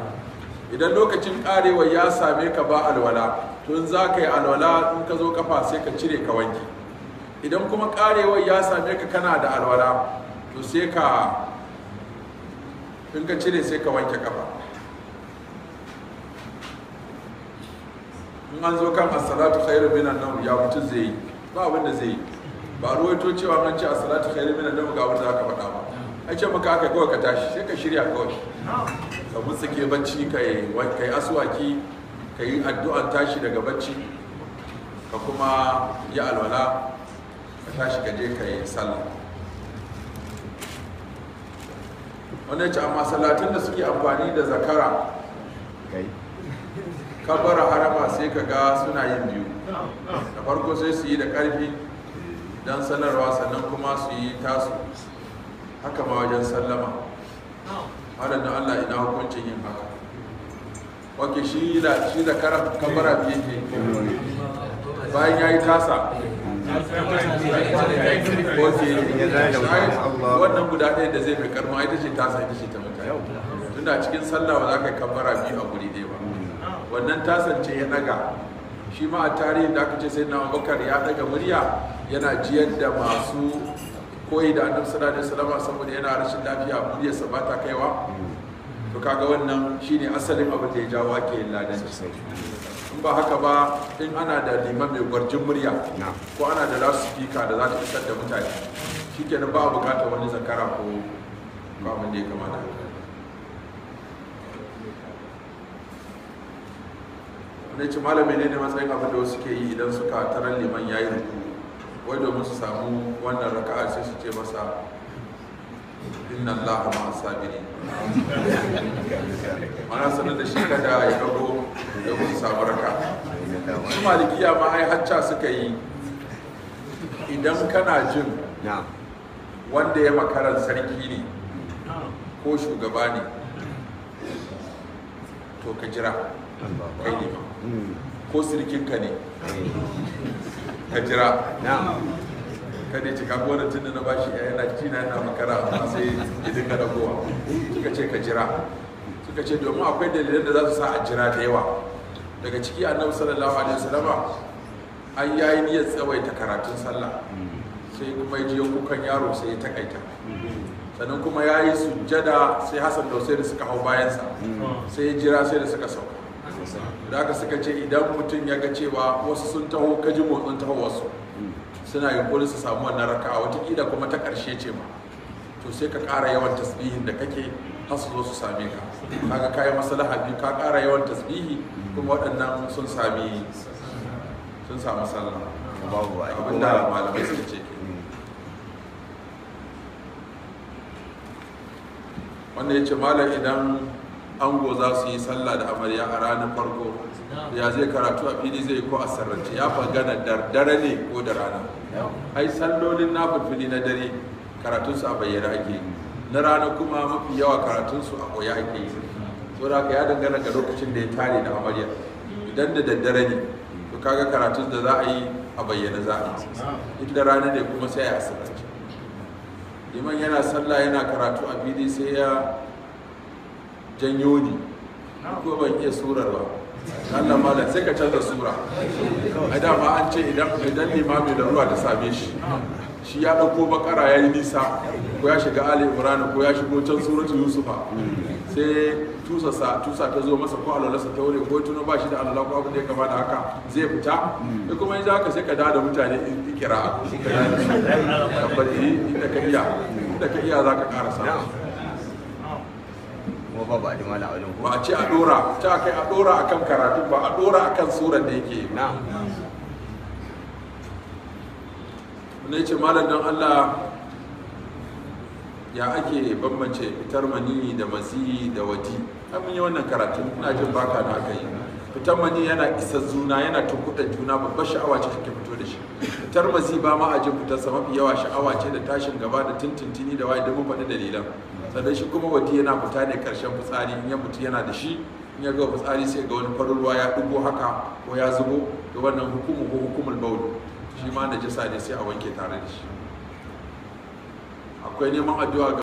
idan lokacin karewa ya same ka ba alwala tun za ka yi alwala in ka zo kafa sai ka cire ka wanki idan kuma karewa ya same ka kana da alwala to sai ka in ka cire sai ka wanke kafa in an zo kan assalatu khairu minan nawm ya mutu zai yi ba abin da zai yi ba ruwaito cewa an ce assalatu khairu minan nawm ga wanda za aka faɗa ba a ce maka aka kawai ka tashi sai ka shirya kawai ka mutsike bacci ka yi asuwaki ka yi addu'an tashi daga bacci ka kuma yi alwala ka tashi ka je ka yi sallah wani ya ce amma salatin da suke amfani da zakara kabara harama sai ka ga suna yin biyu da farko sai su yi da ƙarfi don sanarwa sannan kuma su yi tasu haka ma wajen sallama malam da allah ina hukuncin yin haka wake shi da shi da karan kamara biye ke bayan ya yi tasa wannan guda ɗaya da zai fi karma ita ce tasa ita ce ta mutane tunda cikin sallah ba za ka kamara biyu a guri ɗaya ba wannan ce ya daga shi ma a tarihin da aka ce sai na bakar ya daga murya yana jiyar da masu koyi da annabi sallallahu alaihi wasallam saboda yana rashin lafiya muryarsa ba ta kaiwa to kaga wannan shine asalin abin da ya jawo ake yin ladanci in ba haka ba in ana da liman mai gwarjin murya ko ana da speaker da za ta isar da mutane shikenan ba a bukatar wani zakara ko ba abin da ya kamata wani ci malami ne ne matsayin abin da wasu ke yi idan suka tarar liman yayi ruku wai domin su samu wannan raka'a sai su ce masa inna Allah ma sabiri mana sanar da shi kada ya dago da su samu raka su malikiya ma ai hacca suka yi idan kana jin wanda ya makaran sarki ne ko shugaba ne to ka jira kai ne ko sirkinka ne ka jira kada ce kaga wannan tunda na bashi ya yana jina yana makara amma sai ya dinga dagowa suka ce ka jira suka ce domin akwai dalilan da za su sa a jira da yawa daga ciki annabi sallallahu alaihi wasallama an yayi niyyar tsawaita karatun sallah sai kuma ji kukan yaro sai ya takaita sannan kuma yayi sujjada sai hassan da da suka hau bayansa sai ya jira sai da suka sauka da aka suka ce idan mutum ya ga cewa wasu sun taho kaji motsin tahowarsu suna yunkurin su samu wannan raka'a watakila kuma ta karshe ce ma to sai ka ƙara yawan tasbihin da kake har su zo su same ka kaga kayan maslaha biyu ka ƙara yawan tasbihi kuma waɗannan sun sami sun samu sallah abin abinda malamai suka ce wannan ya ce malam idan ango za su yi sallah da amarya a ranar farko ya zai karatu a fili zai ko a sarrance ya fagana dardare ne ko da rana ai sallolin na fulfili na dare Karatun su a bayyana ake yi na rana kuma mafi yawa karatun su a koya ake yi so da ya dangana ga lokacin da ya tare da amarya idan da daddare ne to kaga karatun da za a yi a bayyana za a yi inda rana ne kuma sai a sarrance liman yana sallah yana karatu a fili sai ya janyo ni ko ban iya surar ba Allah mala sai ka canza sura a dama an ce idan idan limami da ruwa ta same shi shi ya dauko bakara ya yi nisa ko ya shiga ali imran ko ya shigo can suratu yusufa sai tusa sa tusa ta zo masa ko alwala ta taure ko tuno ba shi da Allah ko abin da ya kama da haka zai fita Sai kuma yanzu haka sai ka da da mutane in kira ka da ka iya da ka iya za ka karasa kuma babu adimala a wajen ba a ce a dora ta kai a dora kan karatu ba a dora kan tsoron da yake na ne ce malamin don Allah ya ake bambance fitar mani da mazi da wadi An yi wannan karatu na jin baka na aka yi fitar mani yana isa zuna yana tukuta juna babbar sha'awa ce take fito da shi fitar mazi ba ma a jin fitarsa mafi yawa sha'awa ce da tashin gaba da tintintini da waye da mun faɗi dalilan sannan shi kuma wati yana fita ne karshen fitsari in ya mutu yana da shi in ya ga fitsari sai ga wani farin ya dubo haka ko ya zubo to wannan hukumu ko hukumul bauli shi ma na jisa ne sai a wanke tare da shi akwai neman addu'a